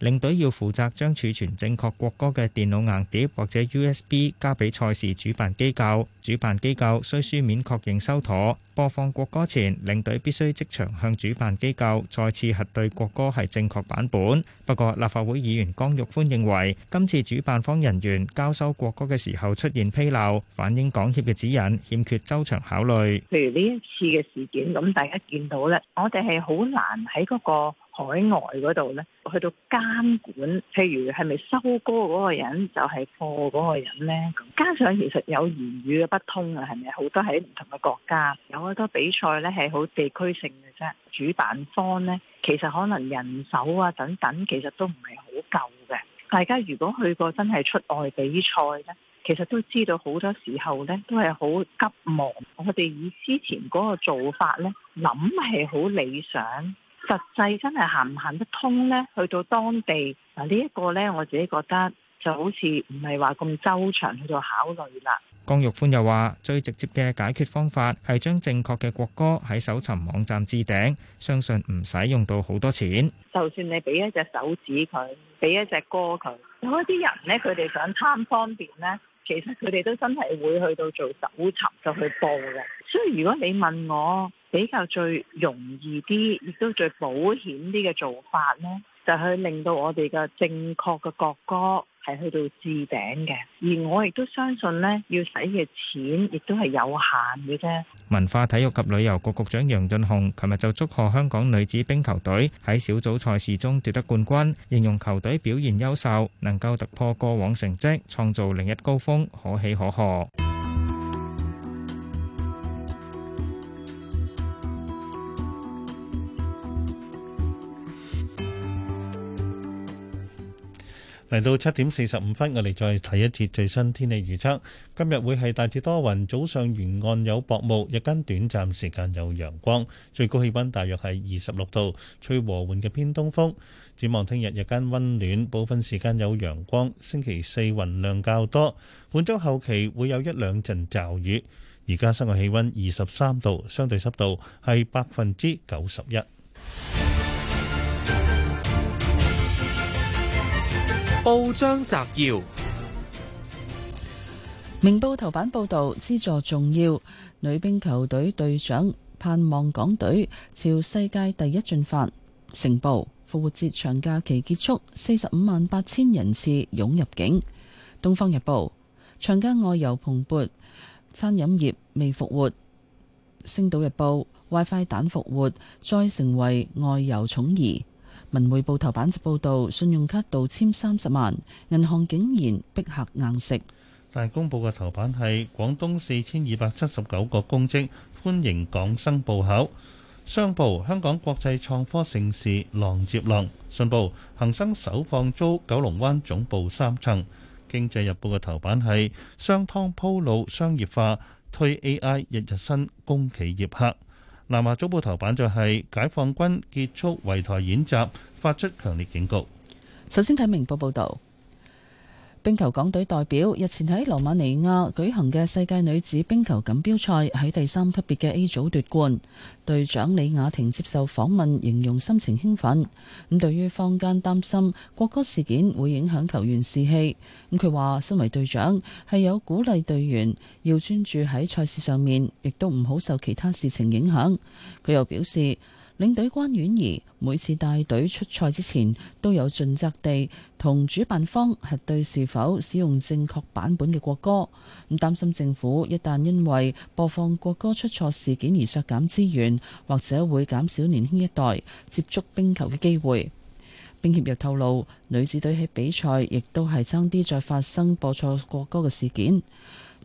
領隊要負責將儲存正確國歌嘅電腦硬碟或者 USB 交俾賽事主辦機構，主辦機構需書面確認收妥。播放國歌前，領隊必須即場向主辦機構再次核對國歌係正確版本。不過，立法會議員江玉歡認為，今次主辦方人員交收國歌嘅時候出現紕漏，反映港協嘅指引欠缺周詳考慮。譬如呢一次嘅事件，咁大家見到咧，我哋係好難喺嗰、那個。海外嗰度咧，去到監管，譬如係咪收歌嗰個人就係貨嗰個人咧？加上其實有言語嘅不通啊，係咪好多喺唔同嘅國家，有好多比賽咧係好地區性嘅啫。主辦方咧，其實可能人手啊等等，其實都唔係好夠嘅。大家如果去過真係出外比賽咧，其實都知道好多時候咧都係好急忙。我哋以之前嗰個做法咧，諗係好理想。實際真係行唔行得通呢？去到當地嗱，呢一個呢，我自己覺得就好似唔係話咁周詳去到考慮啦。江玉歡又話：最直接嘅解決方法係將正確嘅國歌喺搜尋網站置頂，相信唔使用，用到好多錢。就算你俾一隻手指佢，俾一隻歌佢，有一啲人呢，佢哋想貪方便呢。其實佢哋都真係會去到做搜尋就去報嘅，所以如果你問我比較最容易啲，亦都最保險啲嘅做法呢，就係令到我哋嘅正確嘅國歌，係去到置頂嘅，而我亦都相信呢，要使嘅錢亦都係有限嘅啫。文化體育及旅遊局局長楊潤雄琴日就祝賀香港女子冰球隊喺小組賽事中奪得冠軍，形容球隊表現優秀，能夠突破過往成績，創造另一高峰，可喜可賀。嚟到七點四十五分，我哋再睇一次最新天氣預測。今日會係大致多雲，早上沿岸有薄霧，日間短暫時間有陽光，最高氣温大約係二十六度，吹和緩嘅偏東風。展望聽日日間溫暖，部分時間有陽光。星期四雲量較多，本周後期會有一兩陣驟雨。而家室外氣温二十三度，相對濕度係百分之九十一。 報章摘要：明報頭版報道，資助重要女兵球隊隊長盼望港隊朝世界第一進發。成報：復活節長假期結束，四十五萬八千人次湧入境。東方日報：長假外遊蓬勃，餐飲業未復活。星島日報：WiFi 蛋復活，再成為外遊寵兒。文匯報頭版就報道，信用卡盜簽三十萬，銀行竟然逼客硬食。大公報嘅頭版係廣東四千二百七十九個公職歡迎港生報考。商報香港國際創科盛事浪接浪。信報恒生首放租九龍灣總部三層。經濟日報嘅頭版係商湯鋪路商業化，推 A.I. 日日新供企業客。南華早報頭版就係解放軍結束圍台演習，發出強烈警告。首先睇，明報報道，冰球港隊代表日前喺羅馬尼亞舉行嘅世界女子冰球錦標賽喺第三級別嘅 A 組奪冠。隊長李雅婷接受訪問，形容心情興奮。咁對於坊間擔心國歌事件會影響球員士氣，咁佢話身為隊長係有鼓勵隊員要專注喺賽事上面，亦都唔好受其他事情影響。佢又表示，領隊關婉儀每次帶隊出賽之前，都有盡責地同主辦方核對是否使用正確版本嘅國歌。咁擔心政府一旦因為播放國歌出錯事件而削減資源，或者會減少年輕一代接觸冰球嘅機會。冰協又透露，女子隊喺比賽亦都係爭啲再發生播錯國歌嘅事件。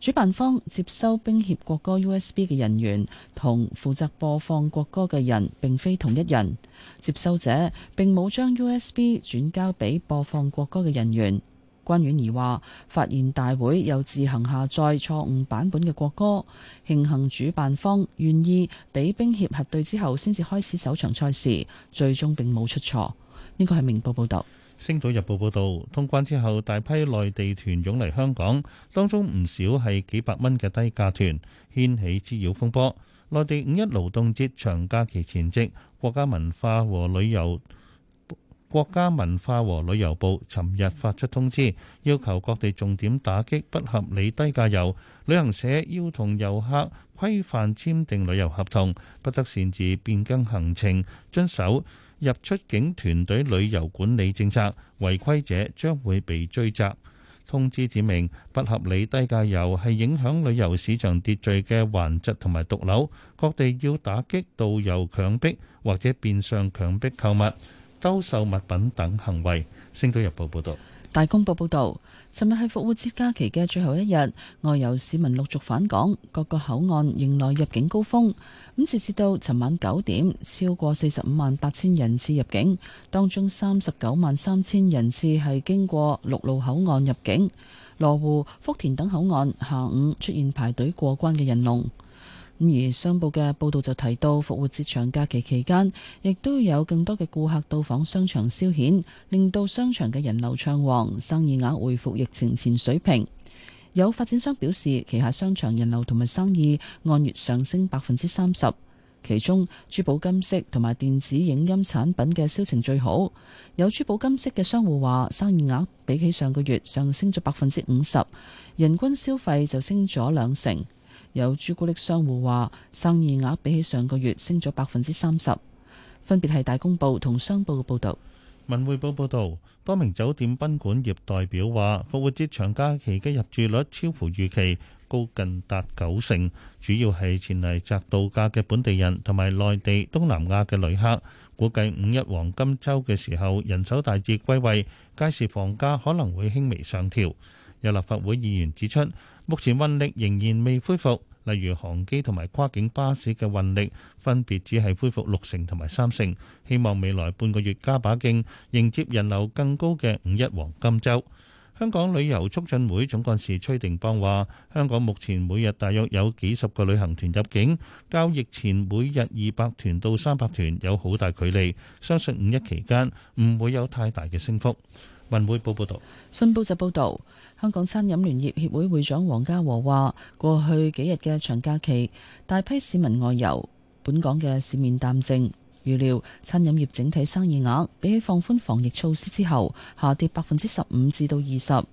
主辦方接收冰協國歌 USB 嘅人員同負責播放國歌嘅人並非同一人，接收者並冇將 USB 轉交俾播放國歌嘅人員。關婉儀話：發現大會有自行下載錯誤版本嘅國歌，慶幸主辦方願意俾冰協核對之後，先至開始首場賽事，最終並冇出錯。呢個係明報報道。《星島日報》報導，通關之後，大批內地團湧嚟香港，當中唔少係幾百蚊嘅低價團，掀起滋擾風波。內地五一勞動節長假期前夕，國家文化和旅遊國家文化和旅遊部尋日發出通知，要求各地重點打擊不合理低價遊，旅行社要同遊客規範簽訂旅遊合同，不得擅自變更行程，遵守入出境團隊旅遊管理政策，違規者將會被追責。通知指明，不合理低價遊係影響旅遊市場秩序嘅環節同埋毒瘤，各地要打擊導遊強迫或者變相強迫購物、兜售物品等行為。星島日報報道。大公報報導，尋日係復活節假期嘅最後一日，外遊市民陸續返港，各個口岸迎來入境高峰。咁截至到尋晚九點，超過四十五萬八千人次入境，當中三十九萬三千人次係經過陸路口岸入境，羅湖、福田等口岸下午出現排隊過關嘅人龍。咁而商報嘅報道就提到，復活節長假期期間，亦都有更多嘅顧客到訪商場消遣，令到商場嘅人流暢旺，生意額回復疫情前水平。有發展商表示，旗下商場人流同埋生意按月上升百分之三十，其中珠寶金飾同埋電子影音產品嘅銷情最好。有珠寶金飾嘅商戶話，生意額比起上個月上升咗百分之五十，人均消費就升咗兩成。有朱古力商戶話，生意額比起上個月升咗百分之三十，分別係大公報同商報嘅報道。文匯報報道，多名酒店賓館業代表話，復活節長假期嘅入住率超乎預期，高近達九成，主要係前嚟宅度假嘅本地人同埋內地、東南亞嘅旅客。估計五一黃金周嘅時候人手大致歸位，屆時房價可能會輕微上調。有立法會議員指出，目前運力仍然未恢復，例如航機同埋跨境巴士嘅運力分別只係恢復六成同埋三成，希望未來半個月加把勁，迎接人流更高嘅五一黃金週。香港旅遊促進會總幹事崔定邦話：香港目前每日大約有幾十個旅行團入境，交易前每日二百團到三百團有好大距離，相信五一期間唔會有太大嘅升幅。文匯報報道。信報就報道。香港餐飲聯業協會會長黃家和話：過去幾日嘅長假期，大批市民外遊，本港嘅市面淡靜。預料餐飲業整體生意額比起放寬防疫措施之後，下跌百分之十五至到二十。咁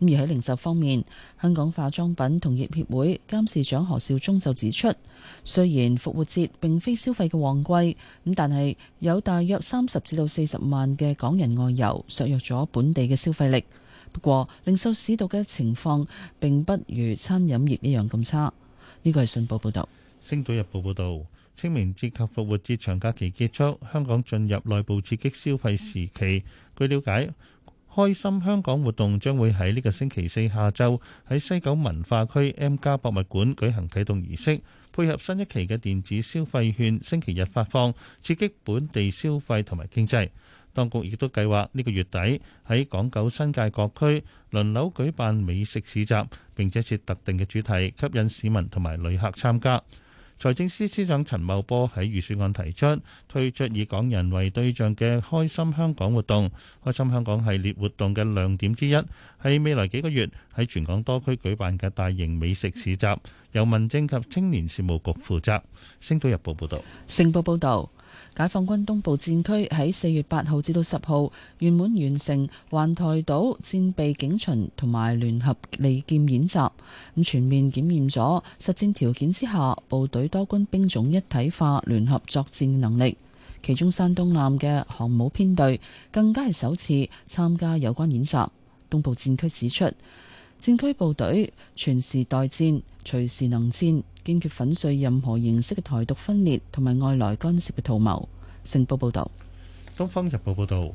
而喺零售方面，香港化妝品同業協會監事長何少宗就指出，雖然復活節並非消費嘅旺季，咁但係有大約三十至到四十萬嘅港人外遊，削弱咗本地嘅消費力。不過，零售市道嘅情況並不如餐飲業一樣咁差。呢個係信報報導，《星島日報》報導，報報導清明節及復活節長假期結束，香港進入內部刺激消費時期。據了解，開心香港活動將會喺呢個星期四下晝喺西九文化區 M+ 博物館舉行啟動儀式，配合新一期嘅電子消費券，星期日發放，刺激本地消費同埋經濟。當局亦都計劃呢個月底喺港九新界各區輪流舉辦美食市集，並且設特定嘅主題，吸引市民同埋旅客參加。財政司司長陳茂波喺預算案提出，推出以港人為對象嘅開心香港活動。開心香港系列活動嘅亮點之一係未來幾個月喺全港多區舉辦嘅大型美食市集，由民政及青年事務局負責。星島日報報道，星報報道。解放軍東部戰區喺四月八號至到十號圓滿完成環台島戰備警巡同埋聯合利劍演習，咁全面檢驗咗實戰條件之下部隊多軍兵種一體化聯合作戰能力。其中山東艦嘅航母編隊更加係首次參加有關演習。東部戰區指出，戰區部隊全時待戰，隨時能戰。堅決粉碎任何形式嘅台獨分裂，同埋外來干涉嘅圖謀。成報報道，東方日報報道，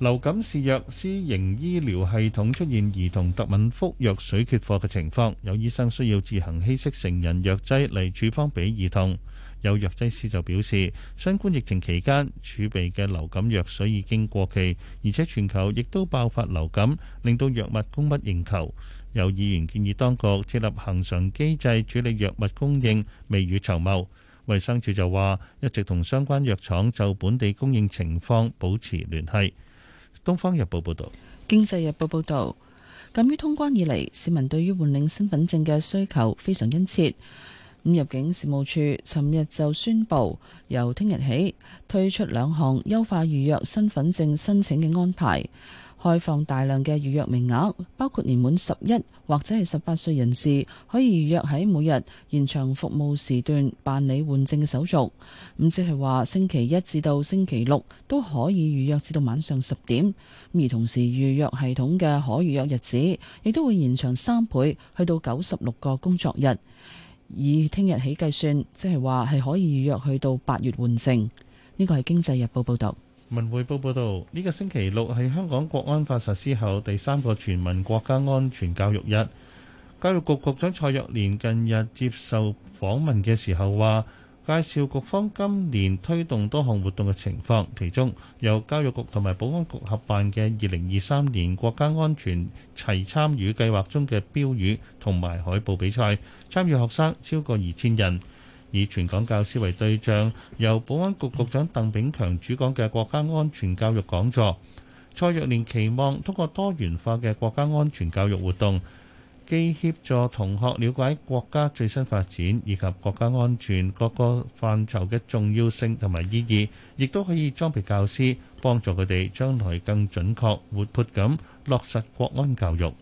流感是私營醫療系統出現兒童特敏福藥水缺貨嘅情況，有醫生需要自行稀釋成人藥劑嚟處方俾兒童。有藥劑師就表示，相關疫情期間儲備嘅流感藥水已經過期，而且全球亦都爆發流感，令到藥物供不應求。有議員建議當局設立恆常機制處理藥物供應，未雨綢繆。衛生署就話一直同相關藥廠就本地供應情況保持聯繫。《東方日報》報導，《經濟日報》報導，近於通關以嚟，市民對於換領身份證嘅需求非常殷切。咁入境事務處尋日就宣布，由聽日起推出兩項優化預約身份證申請嘅安排。開放大量嘅預約名額，包括年滿十一或者係十八歲人士可以預約喺每日延長服務時段辦理換證嘅手續。咁即係話星期一至到星期六都可以預約至到晚上十點。而同時預約系統嘅可預約日子亦都會延長三倍，去到九十六個工作日。以聽日起計算，即係話係可以預約去到八月換證。呢個係《經濟日報》報導。文匯報報導，呢、這個星期六係香港國安法實施後第三個全民國家安全教育日。教育局局長蔡若蓮近日接受訪問嘅時候話，介紹局方今年推動多項活動嘅情況，其中由教育局同埋保安局合辦嘅二零二三年國家安全齊參與計劃中嘅標語同埋海報比賽，參與學生超過二千人。以全港教師為對象，由保安局局長鄧炳強主講嘅國家安全教育講座。蔡若蓮期望通過多元化嘅國家安全教育活動，既協助同學了解國家最新發展以及國家安全各個範疇嘅重要性同埋意義，亦都可以裝備教師，幫助佢哋將來更準確、活潑咁落實國安教育。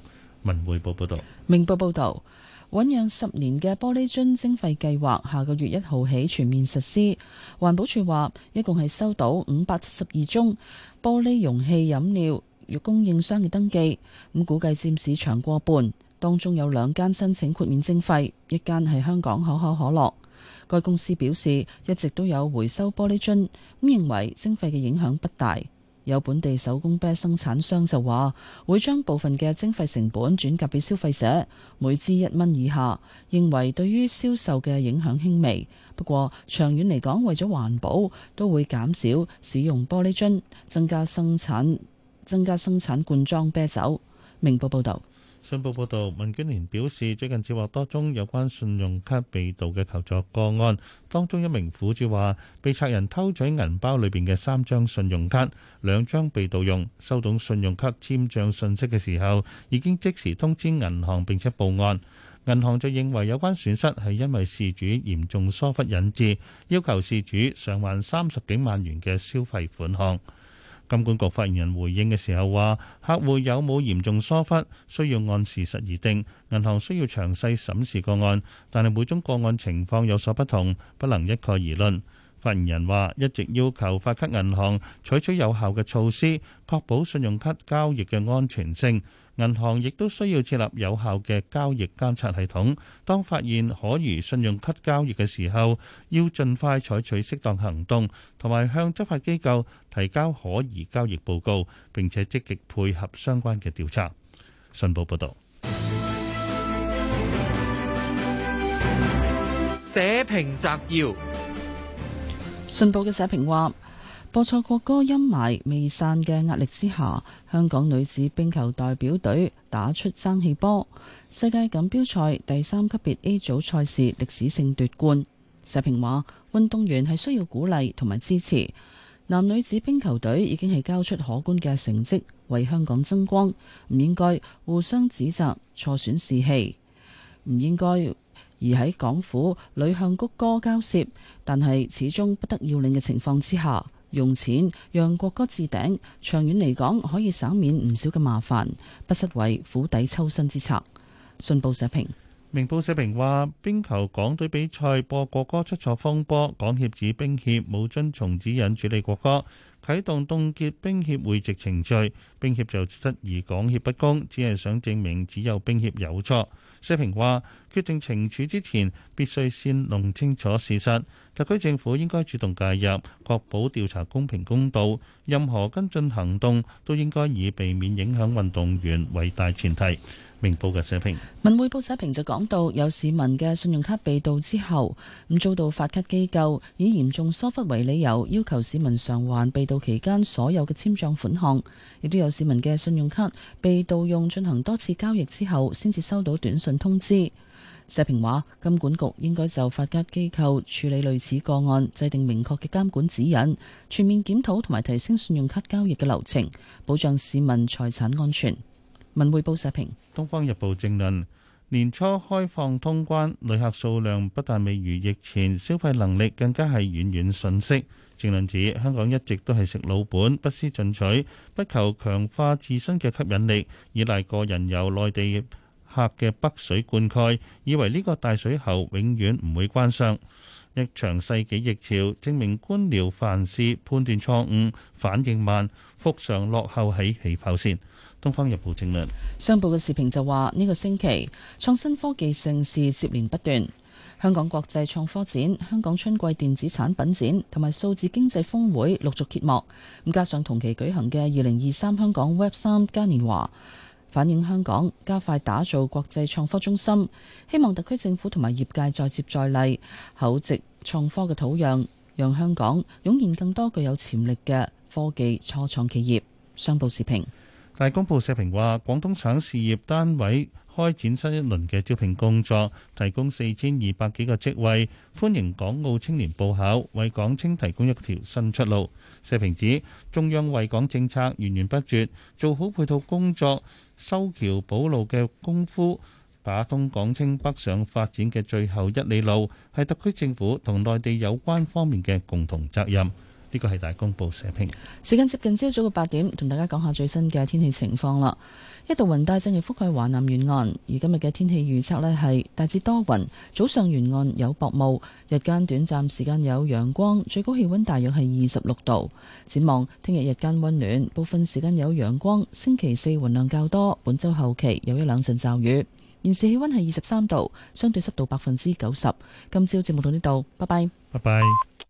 文匯報報道。明報報道。醞釀十年嘅玻璃樽徵費計劃下個月一號起全面實施。環保署話，一共係收到五百七十二宗玻璃容器飲料與供應商嘅登記，咁估計佔市場過半。當中有兩間申請豁免徵費，一間係香港可口可樂。該公司表示，一直都有回收玻璃樽，咁認為徵費嘅影響不大。有本地手工啤生產商就話，會將部分嘅徵費成本轉嫁俾消費者，每支一蚊以下，認為對於銷售嘅影響輕微。不過長遠嚟講，為咗環保，都會減少使用玻璃樽，增加生產增加生產罐裝啤酒。明報報道。信報報導，民建聯表示，最近接獲多宗有關信用卡被盜嘅求助個案，當中一名苦主話，被賊人偷取銀包裏邊嘅三張信用卡，兩張被盜用。收到信用卡簽賬信息嘅時候，已經即時通知銀行並且報案，銀行就認為有關損失係因為事主嚴重疏忽引致，要求事主償還三十幾萬元嘅消費款項。金管局發言人回應嘅時候話，客戶有冇嚴重疏忽，需要按事實而定。銀行需要詳細審視個案，但係每宗個案情況有所不同，不能一概而論。發言人話，一直要求發卡銀行採取有效嘅措施，確保信用卡交易嘅安全性。銀行亦都需要設立有效嘅交易監察系統，當發現可疑信用卡交易嘅時候，要盡快採取適當行動，同埋向執法機構提交可疑交易報告，並且積極配合相關嘅調查。信報報導。社評摘要。信報嘅社評話。播錯國歌，陰霾未散嘅壓力之下，香港女子冰球代表隊打出爭氣波，世界錦標賽第三級別 A 組賽事歷史性奪冠。社評話：運動員係需要鼓勵同埋支持，男女子冰球隊已經係交出可觀嘅成績，為香港爭光，唔應該互相指責錯選士氣，唔應該而喺港府屢向谷歌交涉，但係始終不得要領嘅情況之下。用錢讓國歌置頂，長遠嚟講可以省免唔少嘅麻煩，不失為釜底抽薪之策。信報社評。明報社評話，冰球港隊比賽播國歌出錯風波，港協指冰協冇遵從指引處理國歌，啟動凍結冰協會籍程序，冰協就質疑港協不公，只係想證明只有冰協有錯。社評話。決定懲處之前，必須先弄清楚事實。特區政府應該主動介入，確保調查公平公道。任何跟進行動都應該以避免影響運動員為大前提。明報嘅社評，文匯報社評就講到，有市民嘅信用卡被盜之後，咁遭到發卡機構以嚴重疏忽為理由，要求市民償還被盜期間所有嘅簽賬款項。亦都有市民嘅信用卡被盜用進行多次交易之後，先至收到短信通知。社評話：金管局應該就發卡機構處理類似個案，制定明確嘅監管指引，全面檢討同埋提升信用卡交易嘅流程，保障市民財產安全。文匯報社評，《東方日報》政論：年初開放通關，旅客數量不但未如疫前，消費能力更加係遠遠遜色。政論指香港一直都係食老本，不思進取，不求強化自身嘅吸引力，依賴個人由內地。客嘅北水灌溉，以為呢個大水喉永遠唔會關上。一場世紀疫潮，證明官僚凡事判斷錯誤、反應慢、復常落後喺起跑線。《東方日報》正論、商報嘅視頻就話：呢、這個星期創新科技盛事接連不斷，香港國際創科展、香港春季電子產品展同埋數字經濟峰會陸續揭幕。咁加上同期舉行嘅二零二三香港 Web 三嘉年華。反映香港加快打造國際創科中心，希望特區政府同埋業界再接再厲，厚植創科嘅土壤，讓香港湧現更多具有潛力嘅科技初創企業。商報時評，大公報社評話：廣東省事業單位開展新一輪嘅招聘工作，提供四千二百幾個職位，歡迎港澳青年報考，為港青提供一條新出路。社評指中央為港政策源源不絕，做好配套工作。修橋補路嘅功夫，打通港青北上發展嘅最後一里路，係特區政府同內地有關方面嘅共同責任。呢個係大公報社評。時間接近朝早嘅八點，同大家講下最新嘅天氣情況啦。一度雲帶正係覆蓋華南沿岸，而今日嘅天氣預測呢係大致多雲，早上沿岸有薄霧，日間短暫時間有陽光，最高氣温大約係二十六度。展望聽日日間温暖，部分時間有陽光，星期四雲量較多，本周後期有一兩陣驟雨。現時氣温係二十三度，相對濕度百分之九十。今朝節目到呢度，拜拜，拜拜。